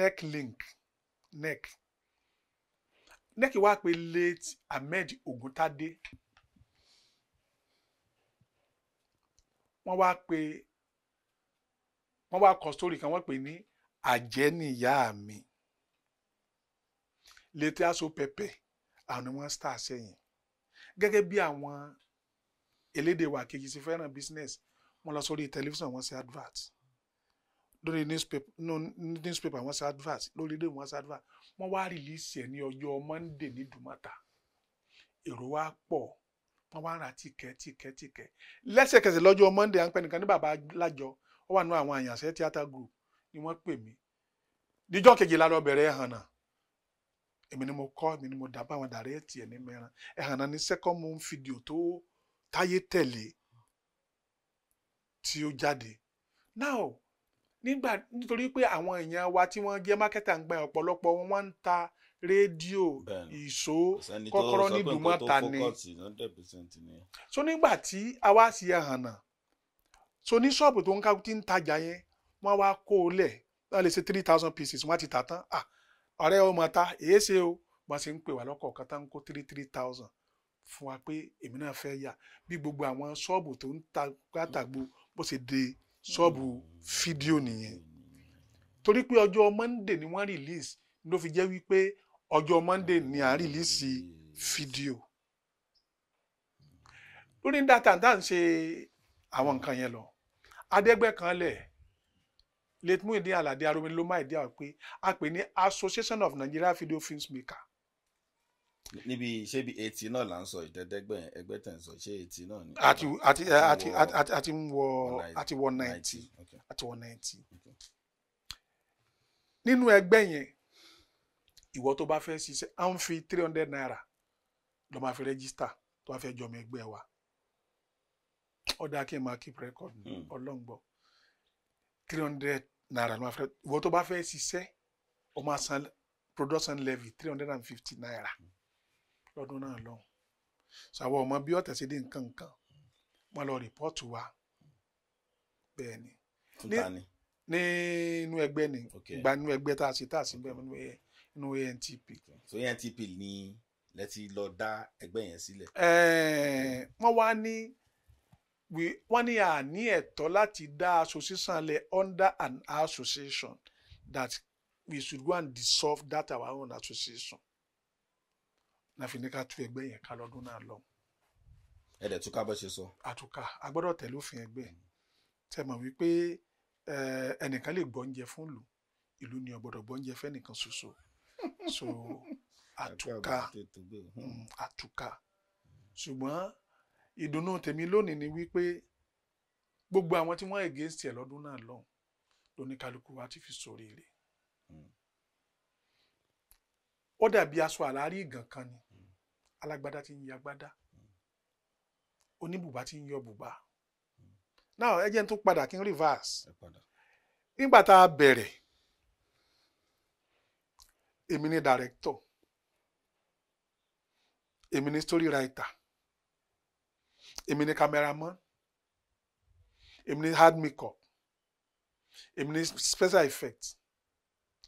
neck link neck neck wá pe late Ahmed Oguntade wọ́n wá pe wọ́n wá kọ sórí kan wọ́n pè ní àjẹ́nìyá mi létí aṣọ pẹpẹ àwọn ni wọ́n star sẹ́yìn gẹ́gẹ́ bí àwọn elédè wa kejì sí fẹ́ràn business wọ́n lọ sórí tẹlifíṣàn wọ́n ṣe advert lórí newspaper no newspaper wọ́n ṣe advert lórí rédíò wọ́n ṣe advert wọ́n wá rìlíìsì ẹ̀ ní ọjọ́ monday ní dùmọ̀tà èrò wa pọ̀ wọ́n wá ra tìkẹ́ tìkẹ́ tìkẹ́ lẹ́sẹ̀kẹsẹ̀ lọ́jọ́ monday à ń pẹ́ nìkan ní bàbá lájọ ó wà nínú àwọn àyànṣẹ́ theatre group ni wọ́n pè mí díjọ́ kejìlá lọ bẹ̀rẹ̀ hànà èmi ni mo kọ́ èmi ni mo dà bá àwọn dàrẹ́ẹ̀tì ẹ̀ ní mẹ́ran ẹ̀hànà ní second moon video tó táyé tẹ̀lé tí ó jáde now nígbà nítorí pé àwọn èèyàn wa tí wọ́n jẹ́ mákẹ́tà ń gba ọ̀pọ̀lọpọ̀ wọn wọ́n ń ta rédíò ìṣó kọ́kọ́rọ́ nídùúmọ́ta ni so nígbà tí a wá sí ẹ̀hànà so ní ṣọ́ọ̀bù tó ń ká tí ń tajà yẹn wọ́n wá kó o lẹ̀ wọ́n lè ṣe three thousand pieces wọ́n ti tà tán à ọ̀rẹ́ ọmọ ta èyí ṣe o wọ́n sì ń pè wá lọ́kọ̀ọ̀kan tá ń kó three three thousand fún wa pé èmi náà fẹ́ yà bí gbogbo àwọn ṣọ́ọ̀bù tó ń ta gbàtàgbò bó ṣe de ṣọ́ọ̀bù fídíò nìyẹn torí pé ọjọ́ Monday ni wọ́n release ló fi jẹ́ wípé ọjọ́ Monday ni à ń release fídíò lórí dátà tá ń ṣe àwọn nǹkan yẹn lọ adẹ́gbẹ́kanlẹ̀ Late-Muideen Alade Aromile ló máa dí àwọn pé a pè ní Association of Nigeria Video Films Maker. níbi ṣé bí etí náà là ń sọ ìdẹ́dẹ́gbẹ́ ẹgbẹ́ tẹ̀ ń sọ ṣé etí náà ni. àti àti àti àti àti wọ àti wọ ninety àti wọ ninety. nínú ẹgbẹ́ yẹn ìwọ tó bá fẹ́ ṣiṣẹ́ à ń fi three hundred naira lọ́ọ́ máa fi rẹ́gísítà tó bá fẹ́ jọmọ ẹgbẹ́ wa ọ̀dà kí n máa keep record hmm. ọlọ́ngbọ̀ three hundred naira ló máa fẹ́ ìwọ tó bá fẹ́ ṣiṣẹ́ ó máa san production levy three hundred and fifty naira lọ́dún náà lọ́hùn ṣàwọ̀ ọmọ bí ọ̀tẹ̀ ṣe dé nǹkan nǹkan wọn lọ rìpọ́ọ̀tù wa bẹ́ẹ̀ ni nínú ẹgbẹ́ ni gba nínú ẹgbẹ́ tá a ṣe tá a ṣe bẹ́ẹ̀ nínú ANTP. so ANTP ni lẹ́tí lọ dá ẹgbẹ́ yẹn sílẹ̀. wọ́n wá ní wọ́n ní a ní ẹ̀tọ́ láti dá aṣọ sísan lẹ̀ under an association that we should go and dissolve that our own association na fi ní ká tú ẹgbẹ́ yẹn ká lọ́dún náà lọ. ẹ dẹ̀ túká bó ṣe sọ. àtúkà a gbọ́dọ̀ tẹ̀lé òfin ẹgbẹ́ tẹ mm. wípé ẹnìkan lè gbọ́únjẹ fún ìlú ìlú ni ò gbọ́dọ̀ fẹ́nìkan ṣoṣo so àtúkà àtúkà mm, ṣùgbọ́n ìdùnnú tèmi lónìí ni wípé gbogbo àwọn tí wọ́n against ẹ̀ lọ́dún náà lọ́hùn lóníkálukú wa ti fi sórí rẹ̀ hmm. ó dàbí aṣọ àlárí ìgàn kan ni hmm. alágbádá ti ń ya gbádá hmm. oníbùbá ti ń yọ bùbá now ẹ jẹ́ n tún padà kí n reverse nígbà tá a bẹ̀rẹ̀ èmi ni director èmi ni story writer èmi ni cameraman èmi ni hard makeup èmi ni special effect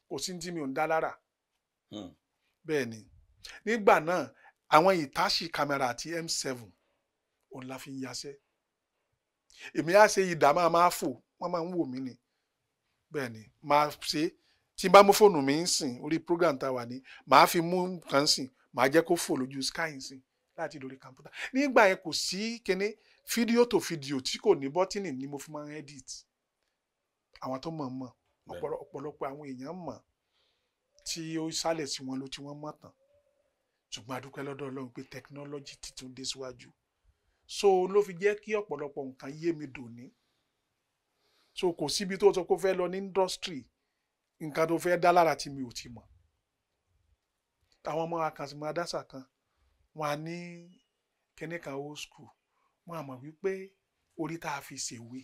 kò sí tí mi ò ń dá lára hmm. bẹ́ẹ̀ ni nígbà náà àwọn ìtáṣì camera àti m7 òun la fi ń yaṣẹ́ èmi á ṣe ìdá máa máa fò wọ́n máa ń wò mí ni bẹ́ẹ̀ ni máa ṣe tí n bá mú fóònù mi ń sìn orí program tá a wà ní màá fi mú nǹkan sìn màá jẹ́ kó fò lójú sky ń sìn láti lórí kọ̀ǹpútà nígbà yẹn kò sí kíní fídíò tó fídíò tí kò ní bọ́tìnì ni mo fi máa ń edit àwọn tó mọ̀ mọ̀ ọ̀pọ̀lọpọ̀ àwọn èèyàn mọ̀ tí ó sálẹ̀ sí wọn ló tí wọ́n mọ̀ tán ṣùgbọ́n a dúpẹ́ lọ́dọ̀ Ọlọ́run pé technology ti tún dé síwájú so ló fi jẹ́ kí ọ̀pọ̀lọpọ̀ nǹkan yé mi dòní so kò síbi tó sọ pé ó fẹ́ lọ ní industry nǹkan tó fẹ́ dá lára tí mi ò ti mọ̀ àwọn ọmọ akànṣe máa dásà kan wọn a ní kẹ́nẹ́ka old school wọn a mọ̀ wípé orí tá a fi ṣèwé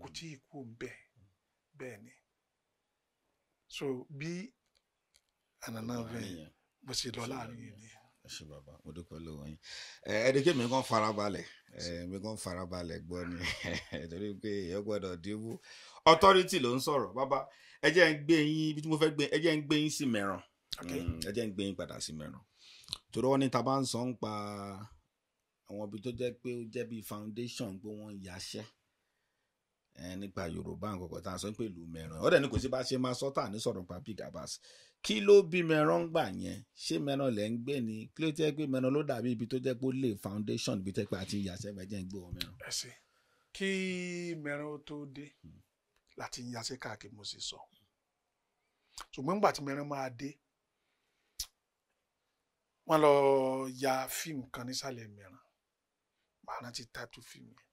kò tí ì kú bẹ́ẹ̀ bẹ́ẹ̀ ni so bí ànànà bẹ́ẹ̀ bó ṣe lọ láàrin yìí ni ẹ ṣé bàbá mo dúpẹ́ lọ́wọ́ yín ẹ̀ẹ́dẹ́gbẹ́ mi kàn farabalẹ̀ mi kàn farabalẹ̀ gbọ́ ni torí pé èèyàn gbọ́dọ̀ dínwó authority ló ń sọ̀rọ̀ bàbá ẹ jẹ́ ń gbé yín ibi tí mo fẹ́ gbé ẹ jẹ́ ń gbé yín sí mẹ́ràn mm, ẹ jẹ́ ń gbé yín padà sí mẹ́ràn torí wọn ní ta bá ń sọ ń pa àwọn ibi tó jẹ́ pé ó jẹ́ bíi foundation pé wọ́n ń yaṣẹ́ nípa yorùbá nǹkan tá à ń sọ pé ìlú mẹ́ran ọ̀dẹ̀ ni kò sí bá ṣe máa sọ tà ní sọ̀rọ̀ pa big abas kí ló bí mẹ́ran ń gbà yẹn ṣé mẹ́ran lẹ̀ ń gbé ni kí ló jẹ́ pé mẹ́ran ló dàbí ibi tó jẹ́ pé ó lè foundation ibi tẹ́ pé àti ìyàṣẹ́ ẹgbẹ́jẹ́ ń gbé wọn mẹ́ran. ẹ ṣe kí mẹ́ran ó tó dé láti yaṣẹ́ káàkiri mo sì sọ ṣùgbọ́n nígbà tí mẹ́ran máa dé wọ́n lọ ya fíìmù kan nísàlẹ̀ mìíràn màá rántí tatu fíìmù yẹn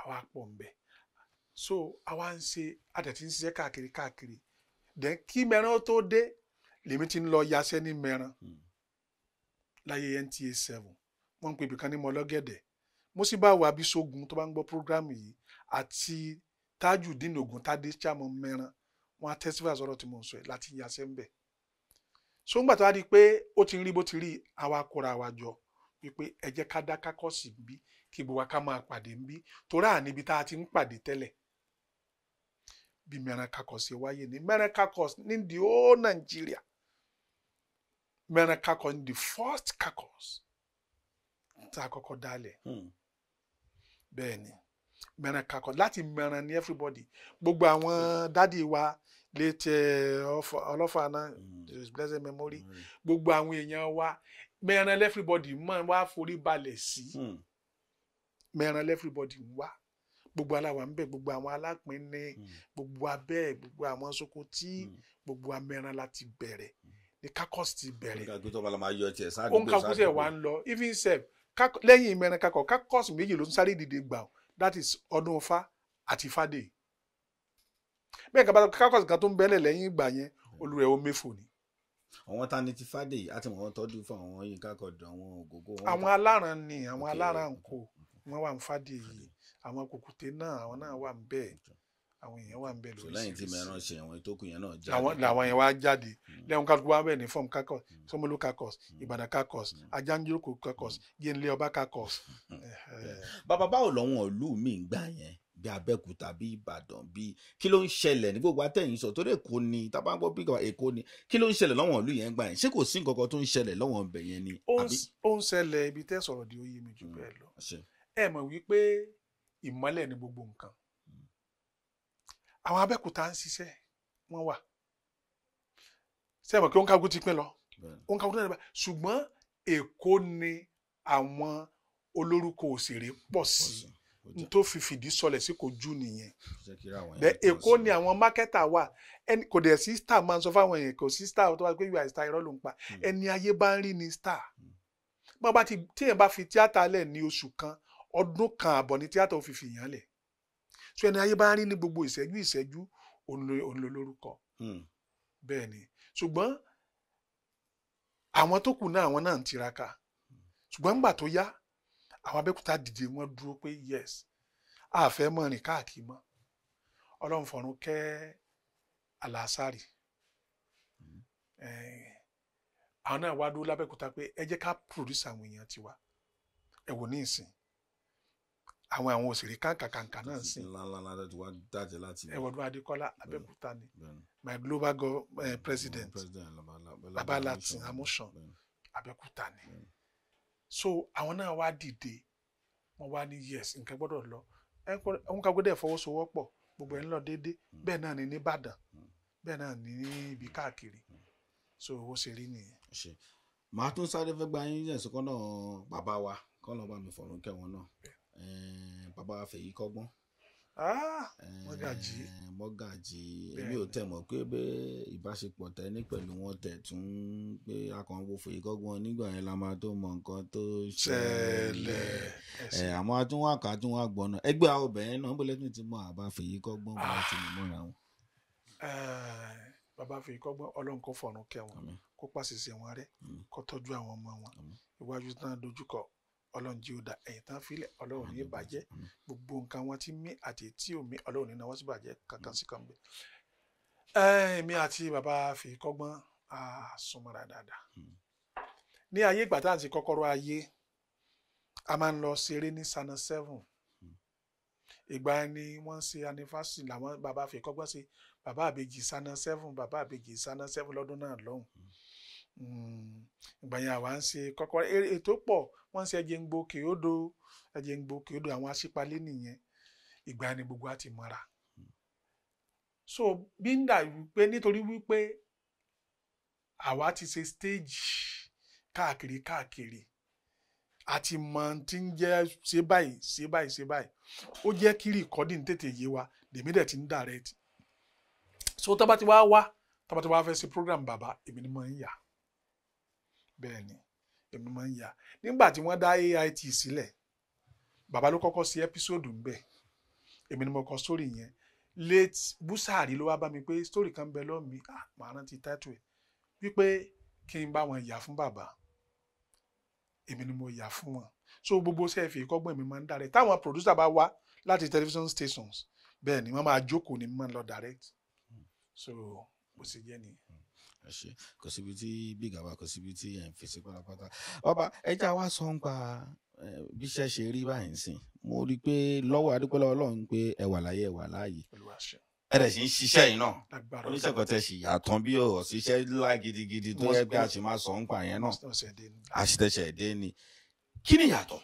àwa pọ̀ ń so àwa ń ṣe àdẹ̀tí ń ṣiṣẹ́ káàkiri káàkiri then kí mẹ́ran tó dé lèmi ti ń lọ yaṣẹ́ ní mẹ́ran hmm. láyé NTA seven wọ́n ń pè ibìkan ní mọ́lọ́gẹ̀dẹ̀ mo sì bá wà bí sógun tó bá ń gbọ́ programu yìí àti Tajudeen Ògúntádé chairman mẹ́ran wọn á tẹ́sífà sọ̀rọ̀ tí mo ń sọ ẹ̀ láti yaṣẹ́ ń bẹ̀ so ńgbà tó wá di pé ó ti rí bó ti rí àwa kóra wa jọ wípé ẹ jẹ́ ká dá kákọ́ sí bí kí gbogbo wa ká máa pàdé ń bí torí à níbi tá a ti ń pàdé tẹ́lẹ̀ bí mẹ́ran kakọ̀ ṣe wáyé ní mẹ́ran kakọ̀ ní the whole Nigeria mẹ́ran kakọ̀ ní the first kakọ̀s tá a kọ́kọ́ dálẹ̀ hmm. bẹ́ẹ̀ ni mẹ́ran láti mẹ́ran ní everybody gbogbo àwọn dádì wa late ọlọ́fààná his mm. blessed memory gbogbo àwọn èèyàn wa mẹ́ran everybody máa wá forí balẹ̀ sí hmm. mẹ́ran everybody wa. gbogbo aláwa ń bẹ gbogbo àwọn alápínní hmm. gbogbo abẹ gbogbo àwọn sokoti hmm. gbogbo amẹran láti bẹ̀rẹ̀ ní kakọs ti bẹ̀rẹ̀ ònkàkú tẹ ń lọ even sef lẹ́yìn ìmẹrin kakọ kakọs méjì ló ń sáré dìde gbà that is ọdún fa àti ifá bẹ́ẹ̀ nǹkan bá kákọ́sì kan tó ń bẹ́lẹ̀ lẹ́yìn ìgbà yẹn hmm. olùrẹ̀ omi fò ni. àwọn ta ni ti Fádèyí àti àwọn tọ́jú fún àwọn Yínká Kọ̀dọ̀ àwọn ògógó. àwọn aláran ni àwọn aláran kò wọn wà ń Fádèyí àwọn kòkòté náà àwọn náà wà ń bẹ́ẹ̀ àwọn èèyàn wà ń bẹ lórí lẹ́yìn tí mẹran ṣe àwọn ìtókù yẹn náà jáde làwọn yẹn wá jáde hmm. lẹ́yìn kálukú wa bẹ̀ ní fọ́ọ̀mù kakọ́s hmm. sọmọlú kakọ́s ìbàdàn kakọ́s ajanjoko kakọ́s yẹnlẹ́ ọba bàbá báwo lọ́wọ́n ìlú mi ń gbà yẹn bí abẹ́òkúta bí ìbàdàn bí kí ló ń ṣẹlẹ̀ ní gbogbo atẹ́yìn sọ torí èkó ni tábà ń gbọ́ bí èkó ni kí ló ń ṣẹlẹ̀ lọ́wọ́n ìlú yẹn gbà yẹn ṣé kò sí nǹkan kan tó ń ṣẹlẹ̀ lọ́wọ́n ibẹ̀ yẹn ni. ó ń ṣẹlẹ̀ ibi tẹ́ sọ̀rọ̀ di oyè mi jù hmm, bẹ́ẹ̀ lọ ẹ mọ̀ wípé ìmọ́lẹ̀ ni gbogbo nǹkan àwọn abẹ́òkúta ń ṣiṣẹ́ wọ́n wà sẹ́wọ̀n kí òǹkàgùn ti pín lọ òǹkàgùn náà ṣùgbọ́n èkó ni àwọn n tó fi fìdí sọlẹ̀ sí kò jù nìyẹn bẹ́ẹ̀ èkó ni àwọn mákẹ́tà wà ẹni kò dẹ̀ sí star máa ń sọ fáwọn èèyàn kò sí star tó bá pé yóò star irọ́ ló ń pa hmm. ẹni ayé bá ń rí ni star hmm. bá bá ti téèyàn bá fi tíátà lẹ̀ ní oṣù kan ọdún kan àbọ̀ ní tíátà ó fi fìyàn lẹ̀ so ẹni ayé bá ń rí ní gbogbo ìṣẹ́jú ìṣẹ́jú òun hmm. bẹ́ẹ̀ ni ṣùgbọ́n àwọn tó kù náà àwọn náà ń tiraka ṣùgbọ́n ńgbà tó yá àwọn abẹ́kúta dìde wọ́n dúró pé yes àfẹ́ mọ̀ rìn káàkiri mọ́ ọlọ́run fọ̀run kẹ́ àlàásàrì hmm. àwọn náà wá dúró lábẹ́kúta pé ẹ jẹ́ ká produce àwọn èèyàn tiwa ẹ wò ní ìsìn àwọn àwọn òṣèré kàǹkàkàǹkà náà ń sìn ẹwọdún adékọlá abẹ́kúta ni my global go, eh, president abalatin amusan abẹ́kúta ni. Yeah so àwọn náà wá dìde wọ́n wá ní yes nǹkan gbọ́dọ̀ lọ ẹ̀hún kan gbọ́dọ̀ fọwọ́sowọ́pọ̀ gbogbo ẹ̀ ń lọ déédé hmm. bẹ́ẹ̀ náà ni nìbàdàn hmm. bẹ́ẹ̀ náà ni ibi káàkiri hmm. so owó ṣe rí nìyẹn. màá tún sáré fẹ́ gba yín yẹn sọ́kọ́ náà bàbá wa kọ́ lọ́ọ́ bá mi fọ̀rọ̀ kẹ́wọn náà bàbá wa Fẹ́yì Kọ́gbọ́n mọ́gàjì ah, eh, mọ́gàjì èmi ò tẹ̀ mọ̀ pé bẹ́ẹ̀ ìbáṣepọ̀ tẹ ní pẹ̀lú wọn tẹ̀ tún pé akọ̀ǹwò fòye kọ́gbọ́n nígbà yẹn la máa tó mọ nǹkan tó ṣẹlẹ̀ ẹ̀ eh, àmọ́ atúnwá kà atúnwá gbọ́nà ẹgbẹ́ àwọn obìnrin náà bọ́lẹ́ tún ti mọ àbá fòye kọ́gbọ́n bá ti mú mọ́ra wọn. Ah, eh, bàbá fòye kọ́gbọ́n ọlọ́run kò fọ̀run kẹ́ kó pàṣẹ sí wọn rẹ kó tọ́jú àwọn ọmọ wọn iwájú tán dojúkọ ọlọ́run jí ó da ẹ̀yìn tán filẹ̀ ọlọ́run ní bàjẹ́ gbogbo nǹkan wọn ti mí àti tí ò mí ọlọ́run ní náwó sí bàjẹ́ kankan sí kan gbé. èmi àti bàbá fi kọ́gbọ́n a súnmọ́ra dáadáa hmm. ní ayé ìgbà tá à ń ti kọ́kọ́rọ́ ayé a máa ń lọ ṣeré ní sanna seven hmm. ìgbà ni wọ́n ṣe anifásitì làwọn bàbá fi kọ́gbọ́n ṣe bàbá àbèjì sanna seven bàbá àbèjì sanna seven lọ́dún náà lọ́hùn. Mm. Hmm. ìgbàyẹn àwa ń ṣe kọkọ ètò pọ̀ wọ́n ń ṣe ẹjẹ̀ ń gbòkè odò ẹjẹ̀ ń gbòkè odò àwọn aṣípalé nìyẹn ìgbà so bí ń dà wípé nítorí wípé àwa ti ṣe stage káàkiri káàkiri àti mọ tí ń jẹ́ ṣe báyìí ṣe báyìí ṣe báyìí ó jẹ́ kí rìkọ́dìn tètè yé ti so tó ti wá wá ti wá fẹ́ ṣe program bàbá èmi ni bẹ́ẹ̀ ni èmi máa ń yà nígbà tí wọ́n dá AIT sílẹ̀ bàbá ló kọ́kọ́ sí ẹ́písòdù ń bẹ̀ èmi ni mo kọ sórí yẹn late busari ló wá bá mi pé sórí kan bẹ lọ́ọ̀ mi ah, màá rántí táìtù ẹ̀ wípé kí n bá wọn yà fún bàbá èmi ni mo yà fún wọn so gbogbo sẹ́ẹ̀fì ìkọ́gbọ́n mi máa ń direct táwọn producer bá wá láti television stations bẹ́ẹ̀ ni wọ́n máa jókòó ni mo máa lọ direct so bó ṣe jẹ́ nìyẹn ẹ ṣe kò síbi tí bíga wa kò síbi tí ẹ̀ ń fèsì pátápátá ọba ẹja wa sọ ń pa bí iṣẹ́ ṣe rí báyìí nsìn mo rí i pé lọ́wọ́ adúpẹ́lẹ́ ọlọ́run pé ẹ wà láyé ẹ wà láàyè ẹ̀rẹ̀ sì ń ṣiṣẹ́ yìí náà oníṣègùn tẹ̀ sì yàtọ̀ bí ọ̀rọ̀ ṣiṣẹ́ ńlá gidigidi tó yẹ pé a sì máa sọ ń pa yẹn náà àṣìṣẹ́ṣẹ́ dé ni kí ni yàtọ̀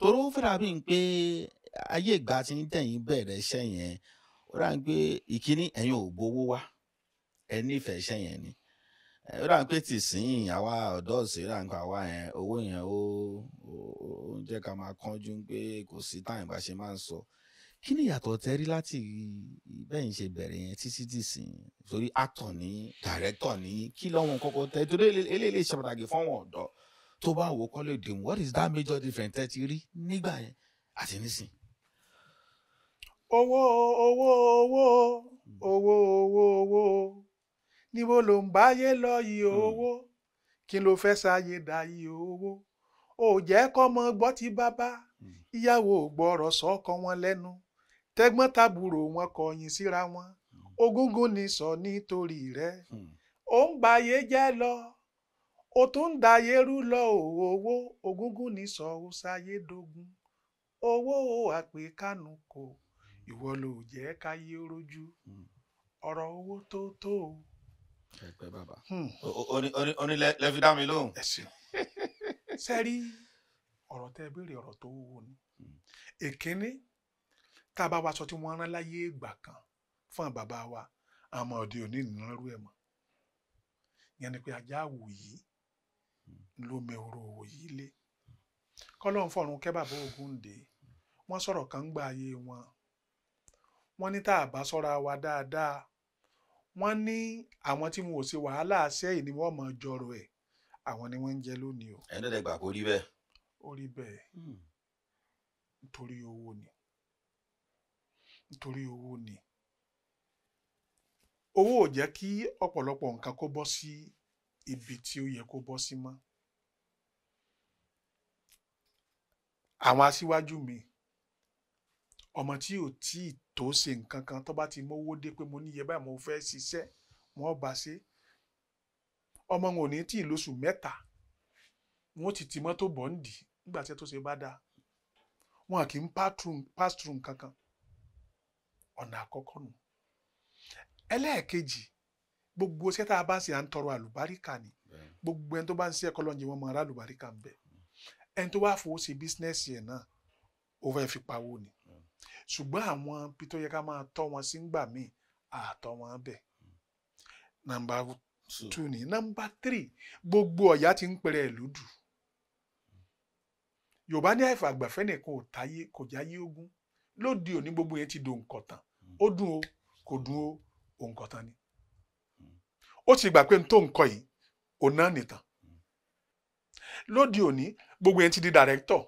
toró fẹ́ra bí n pé ayé ìgbà tí ń tẹ̀yìn bẹ̀rẹ̀ iṣẹ́ ó rà ń pé ìkíní ẹ̀yin ò wá ẹ nífẹ̀ẹ́ iṣẹ́ ni ó dà ń pé tì sín àwa ọ̀dọ́ òṣèré ń pa wá yẹn owó yẹn ó ó ń jẹ́ ká máa kánjú pé kò sí táyìn bá ṣe máa ń sọ kí ni ìyàtọ̀ tẹ́rí láti bẹ́yìn ṣe bẹ̀rẹ̀ yẹn títí tì sín torí actor ní director ní kí lọ́wọ́n kọ́kọ́ tẹ́ torí eléyìí ṣe pàtàkì fọ́wọ́n ọ̀dọ́ tó bá wò kọ́ lè dìmú what is that major difference tẹ́ ti rí nígbà yẹn àti nísìn. owó owó owó owó owó owó níbo ló ń báyé lọ yìí hmm. owó kí ló fẹ́ sáyé dà yìí owó ò jẹ́ kọ́mọ gbọ́ ti bàbá hmm. ìyàwó gbọ́rọ̀ sọ́kọ wọn lẹ́nu tẹ́gbọ́n tàbúrò wọn kọ̀yìn síra wọn hmm. ogúngún ni sọ nítorí rẹ ó ń bayé jẹ́ lọ ó tún ń dayé rú lọ òwò ogúngún ni sọ ó sáyé dogun owó ò àpè kánú kò ìwọ ló jẹ́ káyé rojú ọ̀rọ̀ owó tó tó o ẹgbẹ́ bàbá. Hmm. oní lẹ́fi dá mi lóhùn. ẹ ṣeun sẹ́rí ọ̀rọ̀ tẹ́ ẹ béèrè ọ̀rọ̀ tó wúwo ni hmm. èkínní tá a bá wa sọ tí wọ́n rán láyé ìgbà kan fún bàbá wa àmọ́ òde òní ìnáró ẹ̀ mọ́ ìyẹn ni pé ajá wò yìí hmm. lómi oró òwò yìí lé kọ́lọ́n fọ̀run kẹ́ bàbá Ògúndé wọ́n sọ̀rọ̀ kan gbà ayé wọn wọ́n ní tá a bá sọ́ra wa dáadáa wọ́n ní àwọn tí wọn ò ṣe wàhálà sẹ́yìn ni wọ́n máa jọrọ̀ ẹ̀ àwọn ni wọ́n ń jẹ lónìí o. ẹni dẹ́gbà kó rí bẹ́ẹ̀. ó rí bẹ́ẹ̀ hmm. nítorí owó ni nítorí owó ni owó ò jẹ́ kí ọ̀pọ̀lọpọ̀ nǹkan kó bọ́ sí ibi tí ó yẹ kó bọ́ sí mọ́. àwọn aṣíwájú mi ọmọ tí ò tíì tó ṣe nǹkan kan tó bá ti mówó dé pé mo níye báyìí mo fẹ́ ṣiṣẹ́ wọ́n bá ṣe ọmọ wọn ò ní tí ì lóṣù mẹ́ta wọn ti ti mọ́tò bọ́ǹdì nígbà tí ẹ tó ṣe bá dáa wọn kì í pass nǹkan kan ọ̀nà àkọ́kọ́ nù ẹlẹ́ẹ̀kejì gbogbo iṣẹ́ tá a bá ṣe à ń tọrọ àlùbáríkà ni gbogbo ẹni tó bá ń ṣe ẹ̀kọ́ lọ́njẹ́ wọn mọ ará àlùbáríkà ń bẹ ẹni tó bá fowó ṣe bísínẹ́sì ẹ̀ náà ó fẹ́ fi pawó ni ṣùgbọ́n àwọn ibi tó yẹ ká máa tọ́ wọn sí ńgbà míì àtọ́ wọn bẹ̀. nàmbà tù ní nàmbà tírì gbogbo ọ̀yá ti ń pẹ̀rẹ̀ ìlú dù yorùbá ní àìfà àgbàfẹ́ nìkan ò táyé kò jáyé ogún lóde òní gbogbo yẹn ti do nǹkan tán ó dùn o kò dùn o nǹkan tán ni ó ti gbà pé n tó nǹkan yìí òun náà nìtàn lóde òní gbogbo yẹn ti di dàrẹ́tọ̀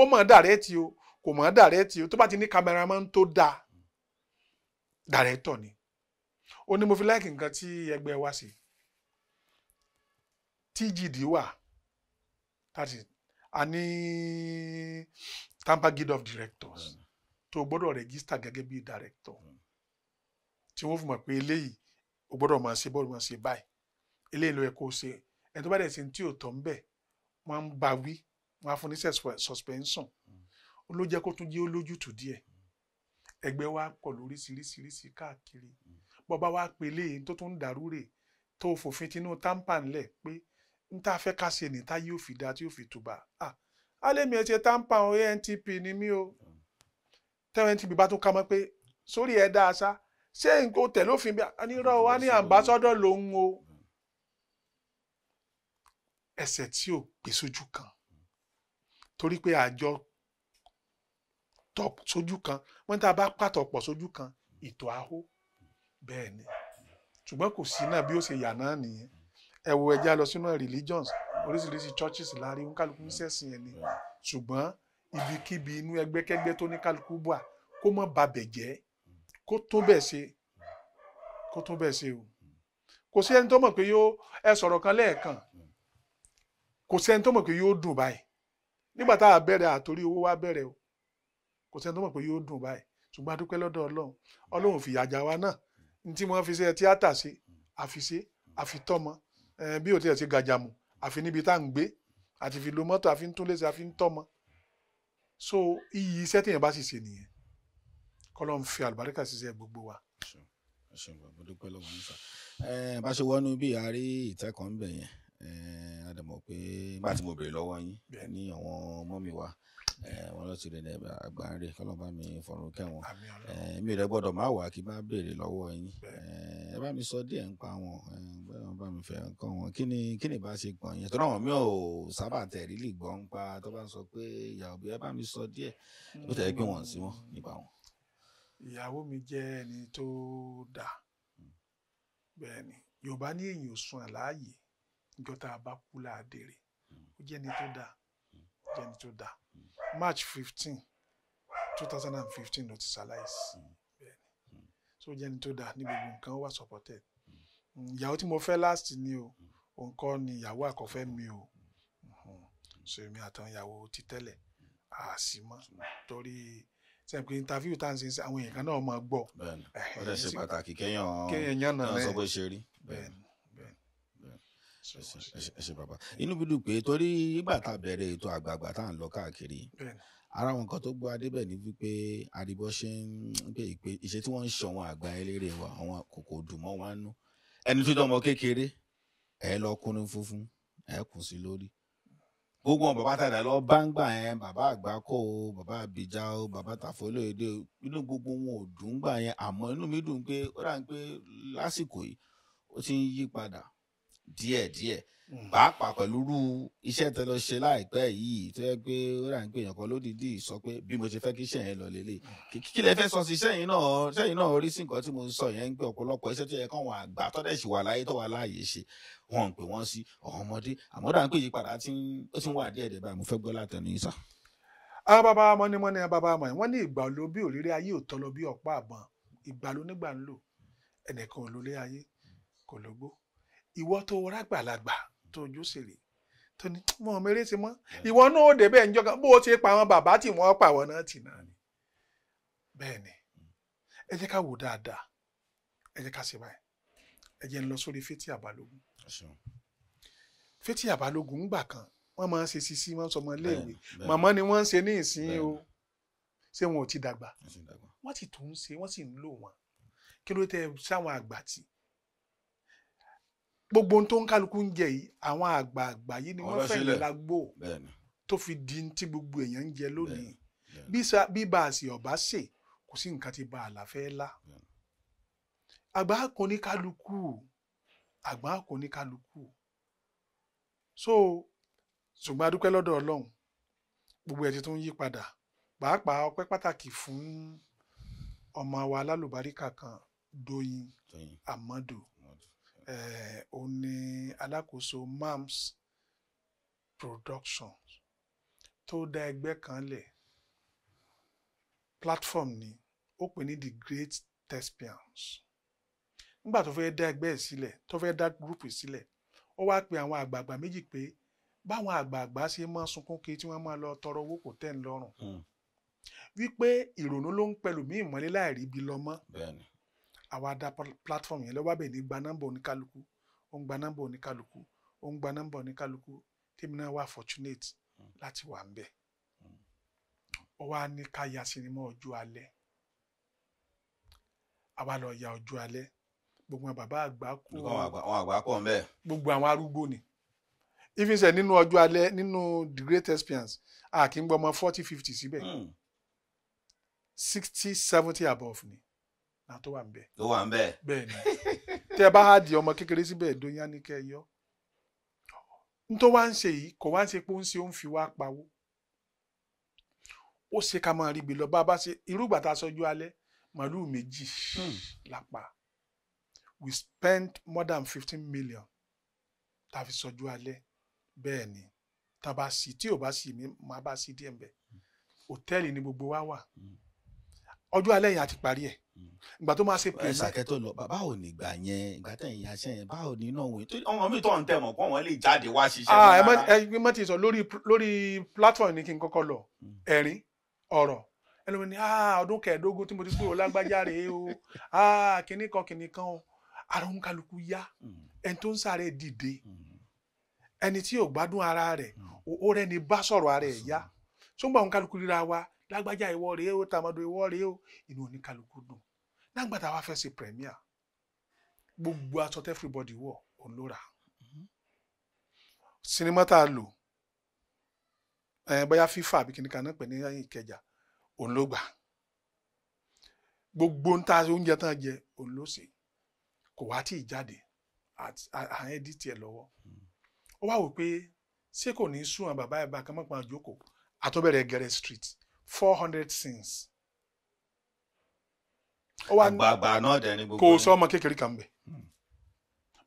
ó mọ̀ dàrẹ́tì o kò mọ̀ dàrẹ́tì tó bá ti ní cameraman tó dáa dàrẹ́tọ̀ ni ó ní mo fi láìkì nǹkan tí ẹgbẹ́ wa ṣe tgd wà láti a ní Tampa Guild of Directors hmm. tó gbọ́dọ̀ rẹ́gísítà gẹ́gẹ́ bí director tí wọ́n fi mọ̀ pé eléyìí o gbọ́dọ̀ máa ṣe bọ́ọ̀lù máa ṣe báyìí eléyìí ló yẹ kó o ṣe ẹni tó bá dẹ̀ ṣe tí ò tọ́ ń bẹ̀ wọ́n á ń ba wọ́n á fún ní suspension. Mm -hmm ló jẹ́ kó tún jẹ́ ó lójútùú díẹ̀ ẹgbẹ́ wa pọ̀ lóríṣiríṣiríṣi káàkiri bọ́ba wa pèlè tó tún dàrú rè tó fòfin tinú táǹpà ńlẹ̀ pé n tá a fẹ́ ká ṣe nìta yóò fi da tí yóò fi tùbà ah alẹ́mi ẹ̀ ṣe táǹpà ọ antp ni mí o tẹ́wọ̀n antp bá tún ká mọ́ pé sórí ẹ̀ dáa ṣá ṣé nǹkan tẹ̀lé òfin bí anirọ́ wa ní àmbásọ́dọ̀ lòun o ẹsẹ̀ tí ò pé sójú kan torí pé àjọ tọ̀ sójú kan wọ́n tá a bá pàtọ̀ pọ̀ sójú kan ìtọ̀ ahó bẹ́ẹ̀ ni ṣùgbọ́n kò sí náà bí ó ṣe yà náà nìyẹn ẹ wo ẹja lọ sínú religions oríṣiríṣi churches láàrin òun kálukú ń ṣẹ̀sìn ẹni ṣùgbọ́n ibikíbi inú ẹgbẹ́kẹ́gbẹ́ tó ní kálukú bùà kó mọ́ babẹ̀ jẹ́ kó tún bẹ̀ ṣe kó tún bẹ̀ ṣe o kò sí ẹni tó mọ̀ pé yóò ẹ sọ̀rọ̀ kan lẹ́ẹ̀kan kò sí ẹni tó mọ̀ pé yóò dùn báyìí nígbà tá bẹ̀rẹ̀ àtòrí owó wa bẹ̀rẹ̀ o kò sẹ́ni tó mọ̀ pé yóò dùn báyìí ṣùgbọ́n a dúpẹ́ lọ́dọ̀ ọlọ́run mm. ọlọ́run fìyà já wa náà mm. ní tí wọ́n fi ṣe tíátà ṣe àfiṣe mm. àfitọ́mọ bí ò tiẹ̀ ṣe gàjàmù àfi níbi tá à ń gbé àti fi lo mọ́tò àfi ń tún léṣe àfi ń tọ́mọ so iyì iṣẹ́ téèyàn bá sì ṣe nìyẹn kọ́lọ́n fi àlùbáríkà ṣiṣẹ́ gbogbo wa. ṣùgbọ́n mo dúpẹ́ lọ́wọ́ nífà bá ṣe wọnú bí àárí ìtẹ́kọ̀ọ́ ń bẹ̀ yẹn ẹ̀dẹ̀ mọ̀ pé bá ti mo bèrè lọ́wọ́ yín ní àwọn mọ́mì wa wọn lọ sí ilẹ̀ àgbáńrè kọ́lọ́ba mi fọ̀rùn kẹwọn mi ò lè gbọ́dọ̀ má wà kí n má bèrè lọ́wọ́ yín ẹ bá mi sọ díẹ̀ ń pa wọn bẹ́ẹ̀ wọn bá mi fẹ́ nǹkan wọn kí ni kí ni bá ṣe gbọ̀n yẹn tó náà mi ò sábà tẹ̀rí lì gbọ́n pa tó bá sọ pé ìyàwó bí ẹ bá mi sọ díẹ̀ ló tẹ̀ pé wọ́n sí wọn nípa wọn. ìyàwó mi jẹ́ ẹni tó dáa hmm. bẹ́ẹ̀ ni Yorùbá ní èyí sun àlàyé níjọ́ tá a bá kú láàdèrè hmm. ó jẹ́ ẹni tó dáa jẹ́ ẹni tó dáa march fifteen two thousand and fifteen ló ti ṣaláìsí hmm. bẹ́ẹ̀ni so jẹ́ ẹni tó dáa ní gbogbo nǹkan wà supported hmm. ìyàwó tí mo fẹ́ last ni o òun ni ìyàwó àkọ́fẹ́ mi o so èmi àtàwọn ìyàwó ti tẹ́lẹ̀ àsìmọ́ torí sẹ́yìn pé interview tá à ń ṣe àwọn èèyàn kan náà máa gbọ́. bẹ́ẹ̀ni ó lè ṣe pàtàkì kéèyàn kéèyàn sọ pé ṣe rí ẹ ṣé bàbá inú mi dùn pé torí ìgbà tá a bẹ̀rẹ̀ ètò àgbààgbà tá à ń lọ káàkiri ara wọn kan tó gbọ́ adébẹ̀ ni wípé àdìbò ṣe ń pè pé ìṣe tí wọ́n ń ṣọ̀wọ́n àgbà eléré wa àwọn kòkò dùn mọ́ wa nú ẹni tó dánmọ́ kékeré ẹ lọ kúnrin funfun ẹ kùn sí lórí gbogbo bàbá tàdá lọ báńgbà yẹn bàbá àgbákò o bàbá àbíjà o bàbá tàfọlọ èdè inú gbogbo wọn ò dùn gbà yẹn àmọ́ inú mi dùn pé ó dà ń pé lásìkò yìí ó ti ń yí padà díẹ̀díẹ̀ hmm. pàápàá pẹ̀lú irú iṣẹ́ tẹ lọ ṣe láìpẹ́ yìí tó yẹ pé ó rà ń pè yànkan lódìdí sọ pé bí mo ṣe fẹ́ kí iṣẹ́ yẹn lọ lélẹ̀ hmm. kí lẹ fẹ́ sọ sí iṣẹ́ yìí náà iṣẹ́ yìí náà rí sí nǹkan tí mo ń sọ yẹn ń pè ọ̀pọ̀lọpọ̀ iṣẹ́ tó yẹ káwọn àgbà tọ́dẹ̀ sì wà láyé tó wà láàyè ṣe wọn ń pè wọ́n sí ọ̀hún ọmọdé àmọ́ dà ń pè yípadà ó ti ń wà díẹ̀díẹ̀ báyìí mo fẹ́ gbọ́ látẹnu yín sá. ababa mọ́nímọ́ní ababa mọ̀ wọ́n ní ìgbà ló bí òréré ayé ò tọ́ lọ bí ọ̀pá ìwọ tó rágbàlagbà tó ojú sèrè tó ní mọ mẹrẹ sí mọ ìwọ náà ó débẹ̀ ń jọkan bó o ti pa àwọn bàbá tí wọ́n pa àwọn náà tì náà ni bẹ́ẹ̀ ni ẹ jẹ́ ká wò dáadáa ẹ jẹ́ ká ṣe báyìí ẹ jẹ́ ń lọ sórí fétí àbálògùn fétí àbálògùn ńgbà kan wọ́n máa ń ṣe sisi wọ́n sọmọ iléèwé màmá ni wọ́n ń ṣe ní ìsín o ṣé wọn ò ti dàgbà wọ́n ti tún ṣe wọ́n sì ń lò wọ́n kí ló tẹ sáwọn àgbà tí gbogbo ohun tó ń kálukú ń jẹ yìí àwọn àgbààgbà yìí ni wọ́n fẹ̀lẹ̀ lágbó tó fi di tí gbogbo èèyàn ń jẹ lónìí bí bá a sì ọ̀bá ṣe kò sí nǹkan tí bá a là àgbà kò ní kálukú àgbà kò ní kálukú so ṣùgbọ́n adúpẹ́ lọ́dọ̀ ọlọ́run gbogbo ẹ̀ ti tún yí padà pàápàá ọpẹ́ pàtàkì fún ọmọ wa alálùbáríkà kan Doyin Amadu. Eh, ó ní alákòóso mams productions tó dá ẹgbẹ́ kan lẹ̀ platform ni ó pè ní the great thespians nígbà tó fẹ́ dá ẹgbẹ́ ẹ̀ sílẹ̀ tó fẹ́ dá gúrúùpù sílẹ̀ ó wá pe àwọn àgbààgbà méjì pé báwọn àgbààgbà ṣe máa sunkún kí tí wọ́n máa lọ tọrọ owó kò tẹ́ ń lọ́rùn hmm. wípé ìrònú ló ń pẹ̀lú mí ìmọ́lé láì ríbi lọ mọ́ àwa da platform yẹn lọ́wọ́ àbẹ̀ ní gba nọ́mbà oníkálukú ó ń gba nọ́mbà oníkálukú ó ń gba nọ́mbà oníkálukú tèmi náà wà fortunate hmm. láti wà ń bẹ̀ hmm. ó wá ní ká ya sinimá ọjọ́ alẹ́ àwa lọ ya ọjọ́ alẹ́ gbogbo àwọn bàbá àgbà kú àwọn àgbà pọ̀ nbẹ. gbogbo àwọn arúgbó ni ifeanyi nínú ọjọ́ alẹ́ nínú the great experience a kì í gbọ́ forty fifty síbẹ̀ hmm. sixty seventy above ni. Mm náà tó wà ń bẹ. tó wà ń bẹ. bẹ́ẹ̀ ni tẹ́ di ọmọ kékeré síbẹ̀ dóyán ní kẹ́ yọ nítorí wá ń ṣe yìí kò wá ń ṣe pé ó ń ṣe ó ń fi wá pawó ó ṣe ká máa rí ibi lọ bá bá ṣe irúgbà tá a sọjú alẹ́ màálù méjì hmm. lápá we spent more than fifteen million tá fi sọjú alẹ́ bẹ́ẹ̀ ni tá a tí ò bá sí mi máa bá sí díẹ̀ mbẹ́ hmm. hòtẹ́ẹ̀lì ni gbogbo wa wà. Mm ọjọ́ alẹ́ yẹn àti parí ẹ̀ ìgbà tó máa ṣe pè náà. ẹsàkẹ́ tó lọ bàbá ò ní gbà yẹn ìgbà tẹ̀ ń yaṣẹ́ yẹn báwo ni iná òun tó ọmọ mi tó ń tẹ̀ mọ̀ kó wọn lè jáde wá ṣiṣẹ́. Ah, ẹ mọ ẹ mọ ti sọ lórí lórí platform ni kí n kọ́kọ́ lọ hmm. ẹ̀rín ọ̀rọ̀ ẹlòmíràn ni ah, ọdún kẹẹ̀ẹ́dógún tí mo ti gbé o lágbájá rèé o ah, kìnnì kan kìnnì kan o ara òun kálukú yá hmm. ẹni tó ń sáré dìde hmm. ẹni tí ò gbádùn ara rẹ̀ ó rẹ́ni bá sọ̀rọ̀ ara ẹ̀ yá sóńgbà òun kálukú ríra wa lágbájá ìwọ rèé o tàmọ́dọ̀ ìwọ rèé o inú oníkálukú dùn lágbàtà wa fẹ́ ṣe premier gbogbo aṣọ tẹ́ everybody wọ̀ òun ló rà sinimá tá a lò eh, bóyá fífà àbí kìnìkan náà pè ní ìkẹjà òun ló gbà gbogbo ń ta oúnjẹ tán jẹ òun ló ṣe kò wá tí ì jáde à ń ẹdí tiẹ̀ ó wá wò pé ṣé kò ní sún àwọn bàbá bá kán mọ́pọ́n àjókòó àtúbẹ̀rẹ̀ gẹrẹ street four hundred sins. ó wá ní àgbààgbà náà dẹni gbogbo kò sọ ọmọ kékeré kan bẹ hmm.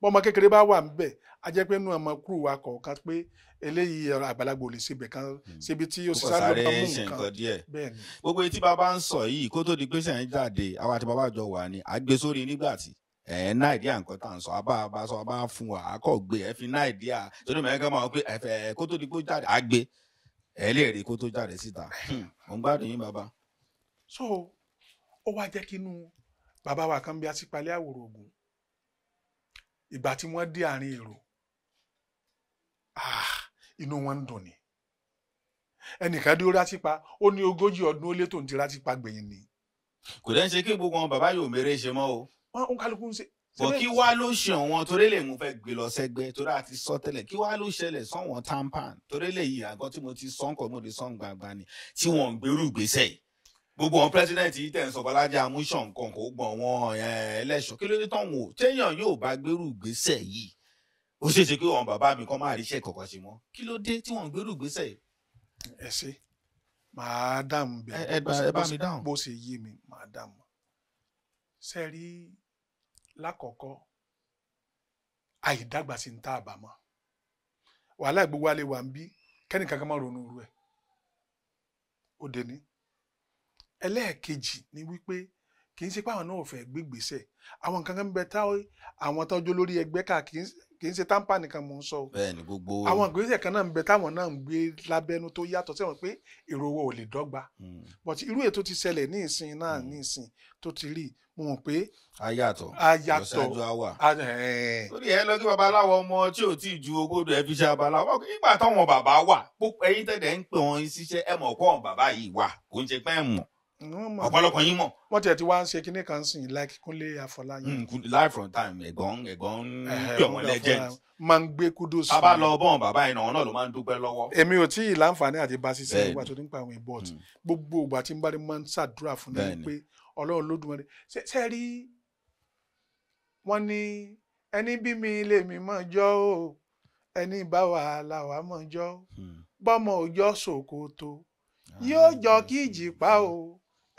bọ́mọ kékeré bá wà níbẹ̀ a jẹ́ pé nínú ọmọ kúrò wa kọ̀ọ̀kan pé eléyìí àgbàlagbà ò lè ṣe bẹ̀ẹ̀ kan síbi hmm. tí o sáré ló kàn mú nǹkan bẹ́ẹ̀ ni. gbogbo etí bàbá ń sọ yìí kó tó di pé sẹ́yìn jáde àwọn àti bàbá àjọ wà ní àgbésórí nígbà tí ẹ náà ìdí àǹkọ́ tà ń sọ abá abá sọ abá fún wa àkọ́ gbé ẹ fi náà ìdí à torí mẹ́kẹ́ máa pé ẹ fẹ́ kó tó di pé jáde àgbé ẹ lè rí kó tó jáde síta mo ń gbádùn yín bàbá. so ó wá jẹ́ kínú bàbá wa kan bí asípalẹ̀ àwòrò ògùn ìgbà tí wọ́n dé àárín èrò ah, inú wọn ń dùn ni ẹnìkan dúró rásípa ó ní ogójì ọdún ó lé tòun ti rásípa gbẹ̀yìn ni. kò dẹ́n ṣe kí gbogbo wọn bàbá yóò mèrè ṣe mọ́ o. wọn kálukú ń ṣe bọ̀ kí wá ló ṣe wọn torí lè mú fẹ́ gbé lọ sẹ́gbẹ́ torí àti sọ tẹ́lẹ̀ kí wá ló ṣẹlẹ̀ sọ́wọ́n tampan torí lè yí àgọ́ tí mo ti sọ ń kọ́ mo ti sọ ń gbàgbà ni tí wọ́n ń gbèrú gbèsè yìí gbogbo àwọn president yìí tẹ̀ ń sọ bọ́lájà amúṣàn nǹkan kò gbọ̀n wọn ẹlẹ́ṣọ́ kí ló dé tán wò téèyàn yóò bá gbèrú gbèsè yìí ó ṣeé ṣe pé wọn bàbá mi kan máa ríṣẹ́ kọ̀ọ̀kan ṣe mọ́ kí ló dé tí wọ́n gbèrú gbèsè yìí. ẹ ṣe màá dààmú bí ẹ bá mi dáhùn bó ṣe yé mi màá dààmú ṣe lákọ̀ọ́kọ́ àìdàgbà sí ní tá a bà mọ́ wàhálà gbogbo alẹ́ wà ń bí kẹ́nìkan kan máa ronú irú ẹ̀ ó dé ní ẹlẹ́ẹ̀kejì ni wípé kì í ṣe pé àwọn náà ò fẹ́ gbégbèsè àwọn nǹkan kan bẹ táwọn tọ́jú lórí ẹgbẹ́ káàkiri kì í ṣe tampa nìkan mò ń sọ o bẹ́ẹ̀ni gbogbo àwọn ìgbésẹ̀ kan náà ń bẹ táwọn náà ń gbé lábẹ́nu tó yàtọ̀ sẹ́wọ̀n pé èrò owó ò lè dọ́gba hmm. but irú ètò ti ṣẹlẹ̀ ní ìsìn náà hmm. ní ìsìn tó ti rí mo mọ̀ pé. ayàtọ̀ ayàtọ̀ lórí ẹ lọ kí babaláwo ọmọ tí ò tí ju ogódo ẹ fi ṣe babaláwo nígbà táwọn bàbá wà ẹ̀yin tẹ̀dẹ̀ ń pè wọn ṣiṣẹ́ ẹ mọ̀ kọ́ bàbá yìí wà kò ń ṣe pẹ́ mọ̀ ọ̀pọ̀lọpọ̀ yín mọ̀. wọ́n tiẹ̀ ti wá ń ṣe kinní kan sìn like Kúnlé Afọláyàn. Mm, Life from time ẹ̀gbọ́n ẹ̀gbọ́n bí ọmọ legend. máa ń gbé kudos. bàbá lọ bọ́n bàbá yìí náà ló máa ń dúpẹ́ lọ́wọ́. èmi ò tí ì láǹfààní àti bá ṣiṣẹ́ nígbà tó nípa àwọn ìbọ̀t mm. gbogbo ìgbà tí n bá dé máa ń ṣàdúrà fún mi pé Ọlọ́run Olódùmarè ṣe rí wọ́n ní ẹni bí mi lè mi mọ̀ jọ́ o ẹni bá wàhálà wà mọ̀ jọ́ hmm. bọ́mọ òjọ́ ṣòkòtò ah, yóò jọ kí ìjì pa o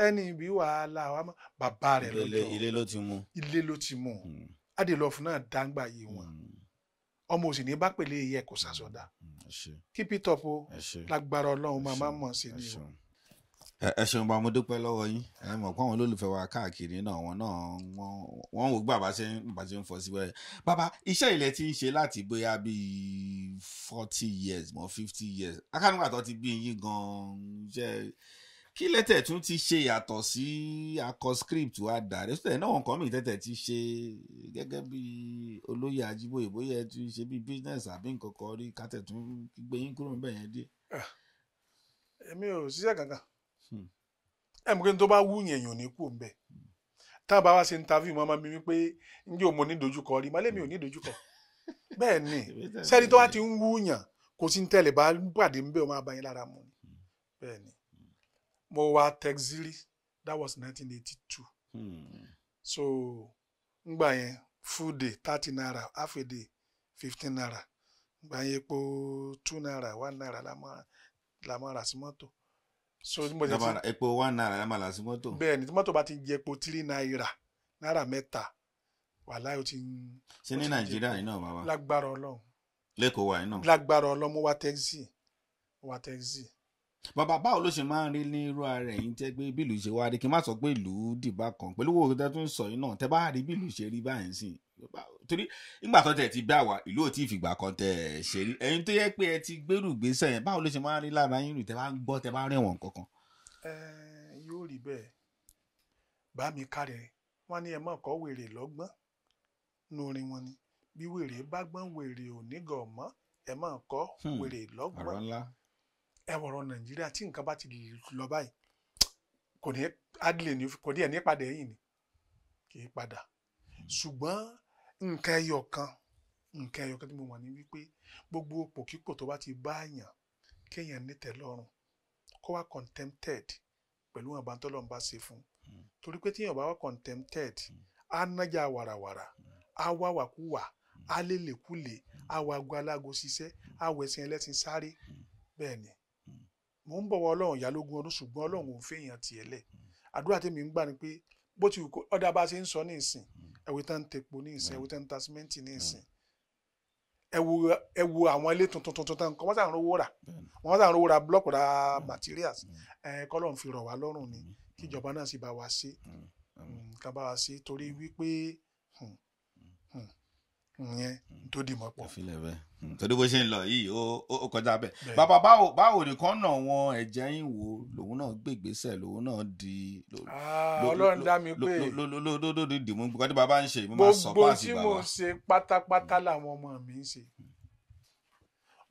ẹni ibi wàhálà wa mọ bàbá rẹ̀ lọ́jọ́ ilé ló ti mú ilé ló ti mú hmm. adìlọfù náà dáńgbà yìí wọn hmm. ọmọ òsì ní bá pèlè iye kò sàsọdà hmm, keep it up o lágbára Ọlọ́run máa máa mọ̀ sí ni o ẹ ṣeun bá mo dúpẹ́ lọ́wọ́ yín ẹ mọ̀ pé àwọn olólùfẹ́ wa káàkiri náà wọn náà wọ́n wò gbà bá ṣe ń bá ṣe ń fọ sí wẹ́rẹ́ bàbá iṣẹ́ ilẹ̀ ti ń ṣe láti bóyá bíi forty years mọ́ fifty years akánúgbà tó ti bí yín gan-an kí lẹ́tẹ̀ tún ti ṣe yàtọ̀ sí akọ script wa dàrẹ́ sọ́tẹ̀ náà wọn kàn mí tẹ́tẹ̀ ti ṣe gẹ́gẹ́ bí olóyè Ajíbóyè bóyá ẹ ti ṣe bí business àbí nǹkan kan rí kátẹ̀ tún gbé yín kúrò níbẹ̀ yẹn dé. Ah, èmi ò ṣiṣẹ́ kankan ẹ̀ mú kí n tó bá wú yẹn yàn ní kú ń bẹ̀ tá a bá wá ṣe interview mọ́ máa bí mi pé njẹ́ o mo ní rí malẹ́ mi ò ní dojúkọ bẹ́ẹ̀ ni sẹ́ni tó wá ti ń wú yàn kò sí ń tẹ̀lé bá pàdé ń bẹ́ẹ̀ máa bá yín lára mu hmm. bẹ́ẹ̀ ni mo wá Texiri that was 1982 hmm. so ngbà yẹn full day thirty naira half a day fifteen naira gba yẹn epo two naira one naira la máa rà sí mọ́tò. so mo jẹ ti epo one naira la máa rà sí mọ́tò. bẹ́ẹ̀ ni mọ́tò bá ti jẹ epo three naira náírà mẹ́ta wàhálà ó ti ń. ṣé ní nàìjíríà yìí náà bàbá. lágbára ọlọ́run. lẹ́kọ̀ọ́ wa yìí náà. lágbára ọlọ́run mo wa tẹ́gísì mo wa tẹ́gísì bàbá báwo ló ṣe máa ń rí ní irú ara ẹ̀yìn tẹ́ pé bí ìlú ṣe wá rí kí n má sọ pé ìlú dìbà kan pẹ̀lú wo tẹ́ tún sọ yìí náà tẹ́ bá rí bí ìlú ṣe rí báyìí sìn torí nígbà tó tẹ̀ ti bá wa ìlú ò tí ì fìgbà kan tẹ̀ ṣe rí ẹ̀yin tó yẹ pé ẹ ti gbérù gbèsè yẹn báwo ló ṣe máa ń rí lára yín rìn tẹ́ bá ń gbọ́ tẹ́ bá rẹ̀wọ̀n kankan. ẹ yóò rí bẹ́ẹ̀ bá mi kárẹ̀ wọn ni ẹ mọ̀ kọ́ wèrè lọ́gbọ́n lórí wọn ni bí wèrè bá gbọ́n wèrè ò ní gàn mọ́ ẹ mọ̀ kọ́ hmm. wèrè lọ́gbọ́n ẹ wọ̀rọ̀ nàìjíríà tí nǹkan bá ti lọ báyìí kò ní adìlẹ̀ ní kò díẹ̀ ní padà ẹ̀yìn ni kì í padà ṣùgbọ́n nǹkan ẹyọ kan nǹkan ẹyọ kan tí mo mọ̀ ní wípé gbogbo òpò kípò tó bá ti bá àyàn kéèyàn nítẹ̀lọ́rùn kó wá contempted pẹ̀lú ọ̀bá tọ́lọ́ ń ṣe fún hmm. torí pé tíyàn bá wá contempted hmm. á nájà wàràwàrà á wá wàkúwà hmm. á lélẹ̀kúlẹ̀ á wá ago alágo ṣiṣẹ́ á wẹ̀sìn ẹlẹ́sìn sáré bẹ́ẹ̀ ni mò ń bọ̀wọ̀ ọlọ́run ìyálógún ọdún ṣùgbọ́n ọlọ́run òun fèèyàn tiẹ̀ lẹ̀ hmm. àdúrà tèmi ń gbà ni pé bó ti wù kó ọ̀dà bá ṣe ń sọ ní ìsìn hmm. ẹ̀wẹ̀ tán ń tepo ní ìsìn hmm. ẹ̀wẹ̀ tán ń ta símẹ́ǹtì ní ìsìn ẹ wo àwọn ilé tuntun tuntun tán kọ́ wọ́n sàn rówó rà wọ́n sàn rówó rà blọ́ọ̀kù ra materials kọ́lọ́run fi rọ̀ wá lọ́rùn ni kíjọba náà sì bá wa ṣe ká wa ṣe torí wípé yẹn hmm. tó dì mọ́ pọ̀. Hmm. torí bó ṣe ń lọ yìí ó kọjá bẹ́ẹ̀ bàbá báwo báwo nìkan náà wọn ẹ̀jẹ̀ yín wo lòun náà gbé lòun náà di. Ah, ọlọ́run dá mi pé ló dìmú gbogbo tí bàbá ń ṣe mo máa sọ pàṣẹ gbogbo tí mo ṣe pátápátá hmm. làwọn ọmọ mi ń ṣe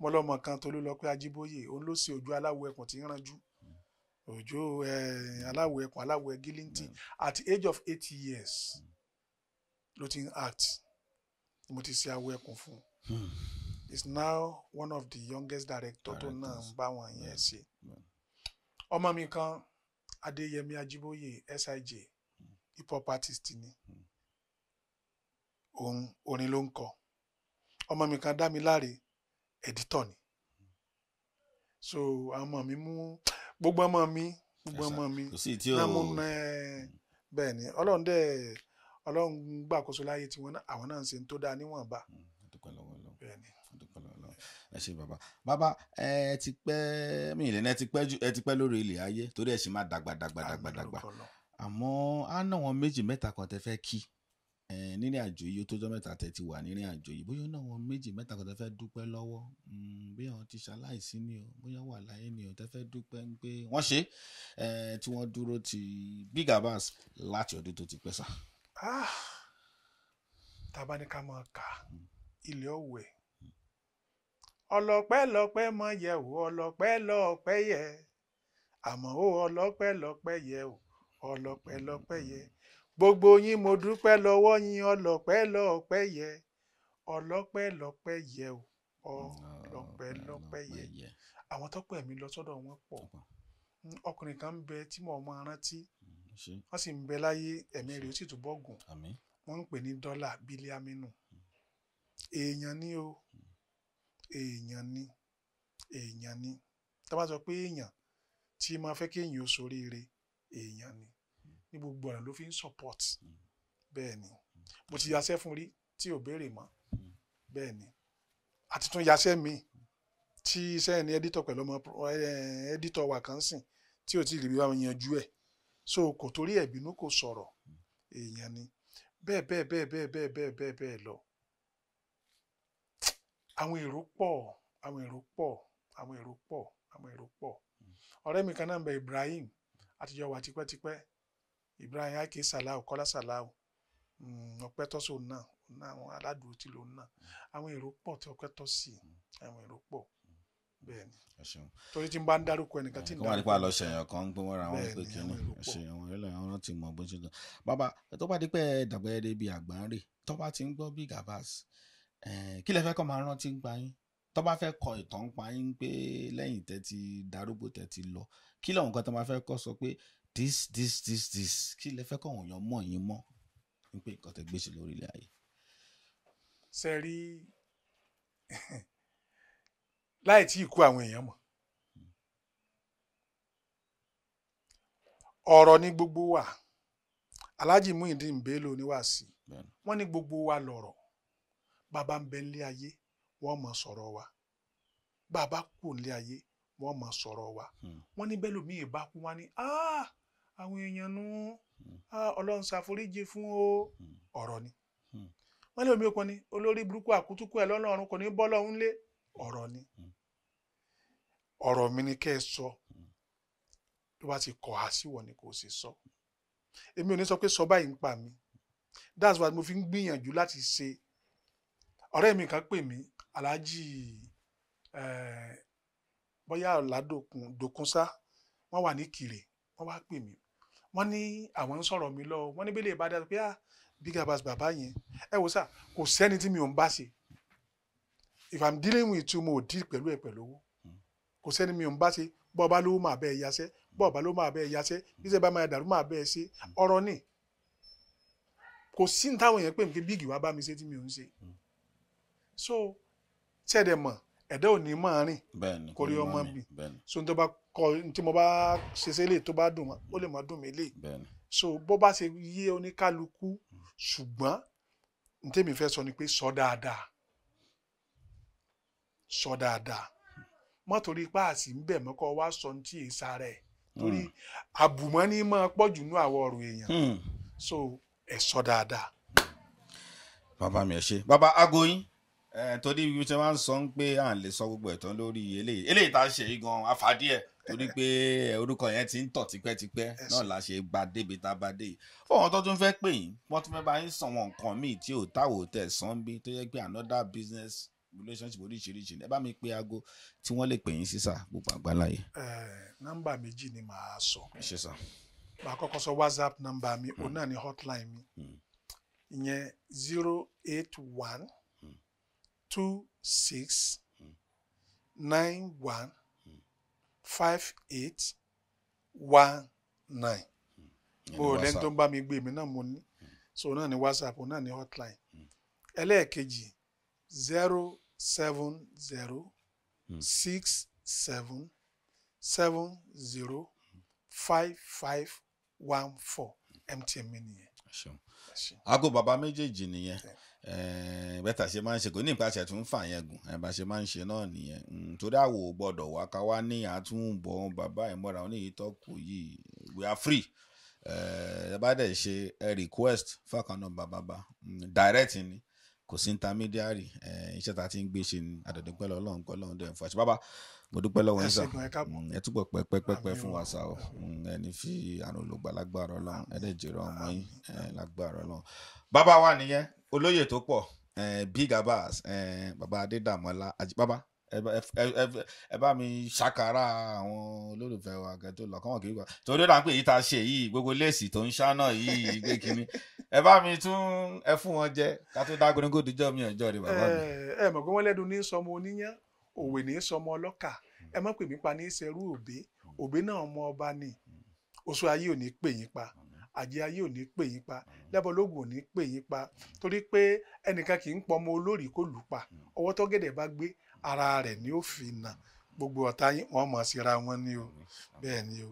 mọlọmọ kan tó ló lọ pé ajíbóyè òun ló ṣe òjò aláwọ̀ ẹkùn tí ń ranjú òjò aláwọ̀ ẹkùn aláwọ̀ ẹgílíntì at age of eighty years ló ti ń act. Mm mo ti ṣe awo ẹkùn fún un hmm. is now one of the youngest director tó náà ń bá wọn yẹn hmm. ṣe hmm. ọmọ mi kan adéyẹmí ajíbóyè sij hip hop artist ni òun orin ló ń kọ ọmọ mi kan dámiláre editor ni so àwọn ọmọ mi mú gbogbo ọmọ mi gbogbo ọmọ mi náà eh, mú bẹ́ẹ̀ ni ọlọ́run dẹ́ẹ̀ ọlọ́run gbàkóso láyé tí wọ́n àwọn náà ń ṣe tó dáa níwọ̀nba. Mm, dúpẹ́ lọ́wọ́ lọ́wọ́ dúpẹ́ lọ́wọ́ lọ́wọ́ ẹ ṣe bàbá bàbá ẹ ti pẹ́ mi ìlẹ̀ ẹ ti pẹ́ ẹ ti pẹ́ lórí ilẹ̀ ayé torí ẹ sì máa dàgbà dàgbà dàgbà dàgbà àmọ́ á ná wọn méjì mẹ́ta kan tẹ fẹ́ kí nírìn àjò yìí tó jọ mẹ́ta tẹ ti wà nírìn àjò yìí bóyá náà wọn méjì mẹ́ta kan tẹ fẹ́ dúpẹ́ lọ́wọ́ mm, bóyá wọn ti ṣaláìsí ni o bóyá wà láyé ni o tẹ fẹ́ dúpẹ́ ń pé wọ́n ṣe tí wọ́n dúró ti Big Abass láti ọdún tó ti pẹ́ sá. ah tàbá ní ká máa kà ilé ọ̀wẹ̀ ọlọ́pẹ́ lọ́pẹ́ mọ yẹ o ọlọ́pẹ́ lọ́pẹ́ yẹ àmọ́ o ọlọ́pẹ́ lọ́pẹ́ yẹ o ọlọ́pẹ́ lọ́pẹ́ yẹ gbogbo yín mo dúpẹ́ lọ́wọ́ yín ọlọ́pẹ́ lọ́pẹ́ yẹ ọlọ́pẹ́ lọ́pẹ́ yẹ o ọlọ́pẹ́ lọ́pẹ́ yẹ àwọn tọ́pẹ́ mi lọ sọ́dọ̀ wọn pọ̀ ọkùnrin kan ń bẹ tí mo máa rántí. wọ́n sì ń bẹ láyé ẹ̀mí rẹ̀ ó sì túbọ̀ gùn wọ́n ń pè ní dọ́là bílíàmínú èèyàn ni o èèyàn ni èèyàn ni tá bá sọ pé èèyàn tí máa fẹ́ kéèyàn ó ṣoríire èèyàn ni ní gbogbo ọ̀nà ló fi ń support bẹ́ẹ̀ ni mo ti yaṣẹ́ fún rí tí ò béèrè mọ́ bẹ́ẹ̀ ni àti tún yaṣẹ́ mi tí iṣẹ́ ní ẹ́dítọ̀ pẹ̀lú ọmọ ẹ́dítọ̀ eh, wà kan sìn tí ò tí ì rí bí wàá yanjú ẹ̀ so kò torí ẹ̀ bínú kò sọ̀rọ̀ èèyàn ni bẹ́ẹ̀ bẹ́ẹ̀ bẹ́ẹ̀ bẹ́ẹ̀ bẹ́ẹ̀ bẹ́ẹ̀ bẹ́ẹ̀ bẹ́ẹ̀ lọ àwọn èrò pọ̀ àwọn èrò pọ̀ àwọn èrò pọ̀ àwọn èrò pọ̀ ọ̀rẹ́ mi kan náà ń bẹ Ibrahim àtijọ́ wa tipẹ́tipẹ́ Ibrahim ake Salau Kọ́lá Salau hmm, ọpẹ́ tọ́sọ̀ náà náà àwọn aládùúgbò tí lòun náà àwọn èrò pọ̀ tí ọpẹ́ tọ́ sí àwọn èrò pọ̀ bẹ́ẹ̀ni torí tí n bá ń dárúkọ ẹnìkan tí n dárúkọ. kọ́mọ̀ nípa lọ ṣẹ̀yàn kan ń gbé wọ́n ra wọn pé kínní ṣe àwọn ẹlẹ́yìn àwọn ti mọ̀ bó ṣe lọ. bàbá tó bá di pé dàgbà ẹ̀rẹ́ bíi àgbáńrè tó bá ti ń gbọ́ bíi gabas kí lẹ fẹ́ kọ́ máa rántí ń pa yín tó bá fẹ́ kọ ìtàn ń pa yín pé lẹ́yìn tẹ́ ti darúgbó tẹ́ ti lọ kí lọ́hùn kan tó máa fẹ́ kọ́ sọ pé this this this this kí lẹ fẹ́ kọ́ òun yàn mọ̀ yín mọ́ láì tí ì kú àwọn èèyàn mọ̀ ọ̀rọ̀ ní gbogbo wa Alhaji Muideen Bello oníwàásí wọ́n ní gbogbo wa lọ̀rọ̀ bàbá ń bẹ nílé ayé wọ́n mọ̀ sọ̀rọ̀ wa bàbá kù nílé ayé wọ́n mọ̀ sọ̀rọ̀ wa hmm. wọ́n ní bẹ́ẹ̀ lómi ìbá kú wá ní àwọn èèyàn nu hmm. ọlọ́run ṣàforíjì fún o hmm. ọ̀rọ̀ ni wọ́n ní omi okun ni olórí burúkú àkútúkú ẹ̀ lọ́lọ́run kò ní bọ́ lọ́hún lé ọ̀rọ̀ ni hmm. ọ̀rọ̀ mi ni kẹ́ ẹ sọ hmm. tó bá ti kọ̀ á sí ni kò sì sọ èmi ò ní sọ pé sọ báyìí ń pa mi that's why mo fi ń gbìyànjú láti ṣe ọ̀rẹ́ mi kan pè mí aláàjì bóyá ọ̀làdòkun dòkunṣá wọ́n wà ní kiri wọ́n wá pè mí wọ́n ní àwọn ń sọ̀rọ̀ mi lọ́wọ́ wọ́n ní bẹ́lẹ̀ ìbàdàn pé ah big abas bàbá yẹn ẹ wò sá kò sẹ́ni tí mi ò ń bá ṣe if i'm dealing with you mo ò deal pẹ̀lú ẹ̀ pẹ̀lú owó hmm. kò sẹ́ni mi ò ń bá ṣe bọ́ ọba lówó máa bẹ́ẹ̀ yasẹ́ hmm. bọ́ ọba lówó máa bẹ́ẹ̀ yasẹ́ bí sẹ́ bá máa dàrú máa bẹ́ẹ̀ ṣe hmm. ọ̀rọ̀ ni kò sí ní táwọn èèyàn pè mí pé bíìgì wá bá mi ṣe tí mi ò ń ṣe so ṣẹ̀dẹ̀ mọ̀ ẹ̀dẹ́ ò ní máa rìn kò rí ọmọ mi so tó bá kọ tí mo bá ṣe ṣe lè tó bá dùn ó lè má dùn mí lè so bó bá ṣe yé oníkálukú ṣùgbọ́n ní tèmi fẹ́ sọ ni pé sọ dáadáa sọ dáadáa má torí pa àsì ń bẹ̀ mọ́kọ́ wá sọ ní tí èyí sára ẹ̀ torí hmm. àbùmọ́ ní máa pọ̀ jù ní àwọ̀ ọ̀rọ̀ èèyàn hmm. so ẹ̀ sọ dáadáa. bàbá mi ẹ ṣe bàbá aago yín torí bí ṣe máa ń sọ pé à ń lè sọ gbogbo ẹ̀tàn lórí eléyìí eléyìí tá a ṣe yìí gan afadíẹ̀ torí pé orúkọ yẹn ti ń tọ̀ tipẹ́tipẹ́ náà la ṣe gba débi tá a bá dé yìí fọwọ́n tó tún fẹ́ pè yín wọ́n tún fẹ́ bá yín sọ̀wọ́n nǹkan míì tí ò táwò tẹ̀ sán bí tó yẹ pé another business relationship oríṣiríṣi ẹ bá mi pé aago tí wọ́n lè pè yín sísà gbogbo àgbáláyé. nọ́mbà méjì ni màá sọ. ẹ ṣe màá kọ́kọ́ sọ whatsapp nọ́mbà mi òun hmm. náà ni hotline mi hmm. ìyẹn zero eight one hmm. two six nine one five eight one nine bó o lẹ́ni tó ń bá mi gbé mi náà mo ní so náà ni whatsapp náà ni hotline ẹlẹ́ẹ̀kejì zero seven hmm. zero six seven seven zero five five one four MTN mi nìyẹn. aago bàbá méjèèjì nìyẹn bẹ́tà ṣe máa ń ṣe kò ní ìpàṣẹ tó ń fà yẹn gùn bá ṣe máa ń ṣe náà nìyẹn hmm, torí àwò gbọ́dọ̀ wá ká wá ní àtúnbọ̀ bàbá ẹ̀ oníyìí tó yìí we are free ẹ bá dẹ̀ ṣe request fákan náà bàbá hmm, direct ni kò sí intermediary iṣẹ́ tá a ti ń gbé ṣe ni àdọ̀dúpẹ́ lọ ọlọ́run pẹ́ lọ́run dẹ̀ ń fàṣẹ bàbá mo dúpẹ́ lọ́wọ́ yín sà ẹ túbọ̀ pẹ́pẹ́pẹ́ fún wa sà ọ mm, ẹni fi àrùn olùgbà lágbára ọlọ́run ẹlẹ́jẹ̀rọ ọmọ yín lágbára ọlọ́run bàbá wa nìyẹn olóyè tó pọ̀ big abas bàbá adédàmọ́lá àjíbábá ẹ bá mi ṣàkàrà àwọn olólùfẹ́ wa kẹ́ tó lọ kọ́mọ̀ kiri kan torí ó dà ń pè yìí tá a ṣe yìí gbogbo léèsì tó ń ṣáná yìí gbé kínní ẹ bá mi tún ẹ fún wọn jẹ ká tó dágbére kó dijọ́ mi ọjọ́ rẹ bàbá mi. ẹ mọ̀ pé wọ́n lẹ́nu ní sọmọ oníyàn òwe ní sọmọ ọlọ́kà ẹ má pè mí pa ní ìṣerú òbí òbí náà mọ ọba ni oṣù ayé ò ní pè yín pa àjẹ ayé ò ní pè yín pa lábọlógún ò ní pè yín pa torí pé ẹnìkan kì í pọmọ olórí kó lù pa ọwọ́ tọ́gẹ̀dẹ̀ bá gbé ara rẹ̀ ni ó fi nà gbogbo ọ̀tá yín mọ̀ síra wọn ni o bẹ́ẹ̀ ni o.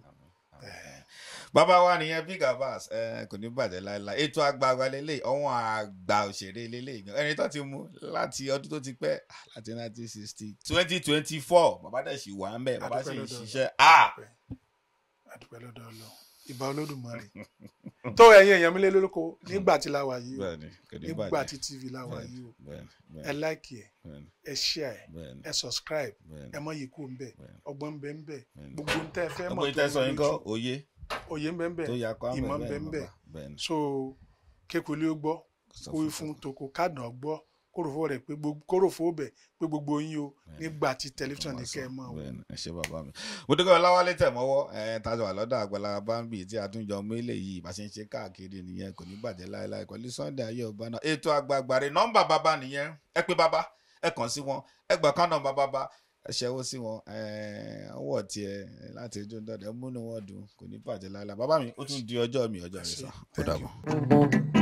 bàbá wa nìyẹn big abbas kò ní bàjẹ́ láéláé ètò àgbààgbà lélẹ̀ ọ̀wọ́n àgbà òṣèré lélẹ̀ ìgbà ẹni tó ti mú láti ọdún tó ti pẹ́ ah, láti nineteen sixty twenty twenty four bàbá dẹ̀ sì wà ń bẹ̀ bàbá sì ń ṣiṣẹ́ a. a lọ́dọ̀ Ọlọ́run ìbà olódùmarè tó ẹ̀yin èèyàn mi lé lólóko nígbà tí la wà yìí o nígbà tí tv la wà yìí o ẹ like ẹ ẹ share ẹ ẹ subscribe ẹ mọ yìí kú ń bẹ ọgbọ́n ń bẹ ń bẹ gbogbo ń tẹ fẹ́ mọ̀ tó ń bẹ òye òye ń bẹ ń bẹ ìmọ̀ ń bẹ ń bẹ so kékulé ó gbọ́ kó fún toko kádùn gbọ́ kóròfó rẹ̀ pé gbogbo kóròfó bẹ̀ pé gbogbo yín o nígbà tí tẹlifíṣàn ní kẹ́ ẹ mọ̀ o. ẹ ṣe bàbá mi mo dúpẹ́ ọláwálé tẹ̀mọ́wọ́ ẹ tajọ àlọ́dà àgbàlá bambi tí àtúnjọ mílẹ̀ yìí bá ṣe ń ṣe káàkiri nìyẹn kò ní bàjẹ́ láéláé pẹ̀lú Sunday ayé ọba náà ètò àgbààgbà rẹ̀ nọ́mbà bàbá nìyẹn ẹ pé bàbá ẹ kàn sí wọn ẹ gbà kán nọ́mbà bàbá ṣẹ́wó sí wọn ọwọ́ tiẹ̀ láti ojú dọ́dẹ múnú wọn dùn kò ní bàjẹ́ láéláé bàbá mi ó tún di ọjọ́ mi ọjọ́ mi sàn ó dàbọ̀.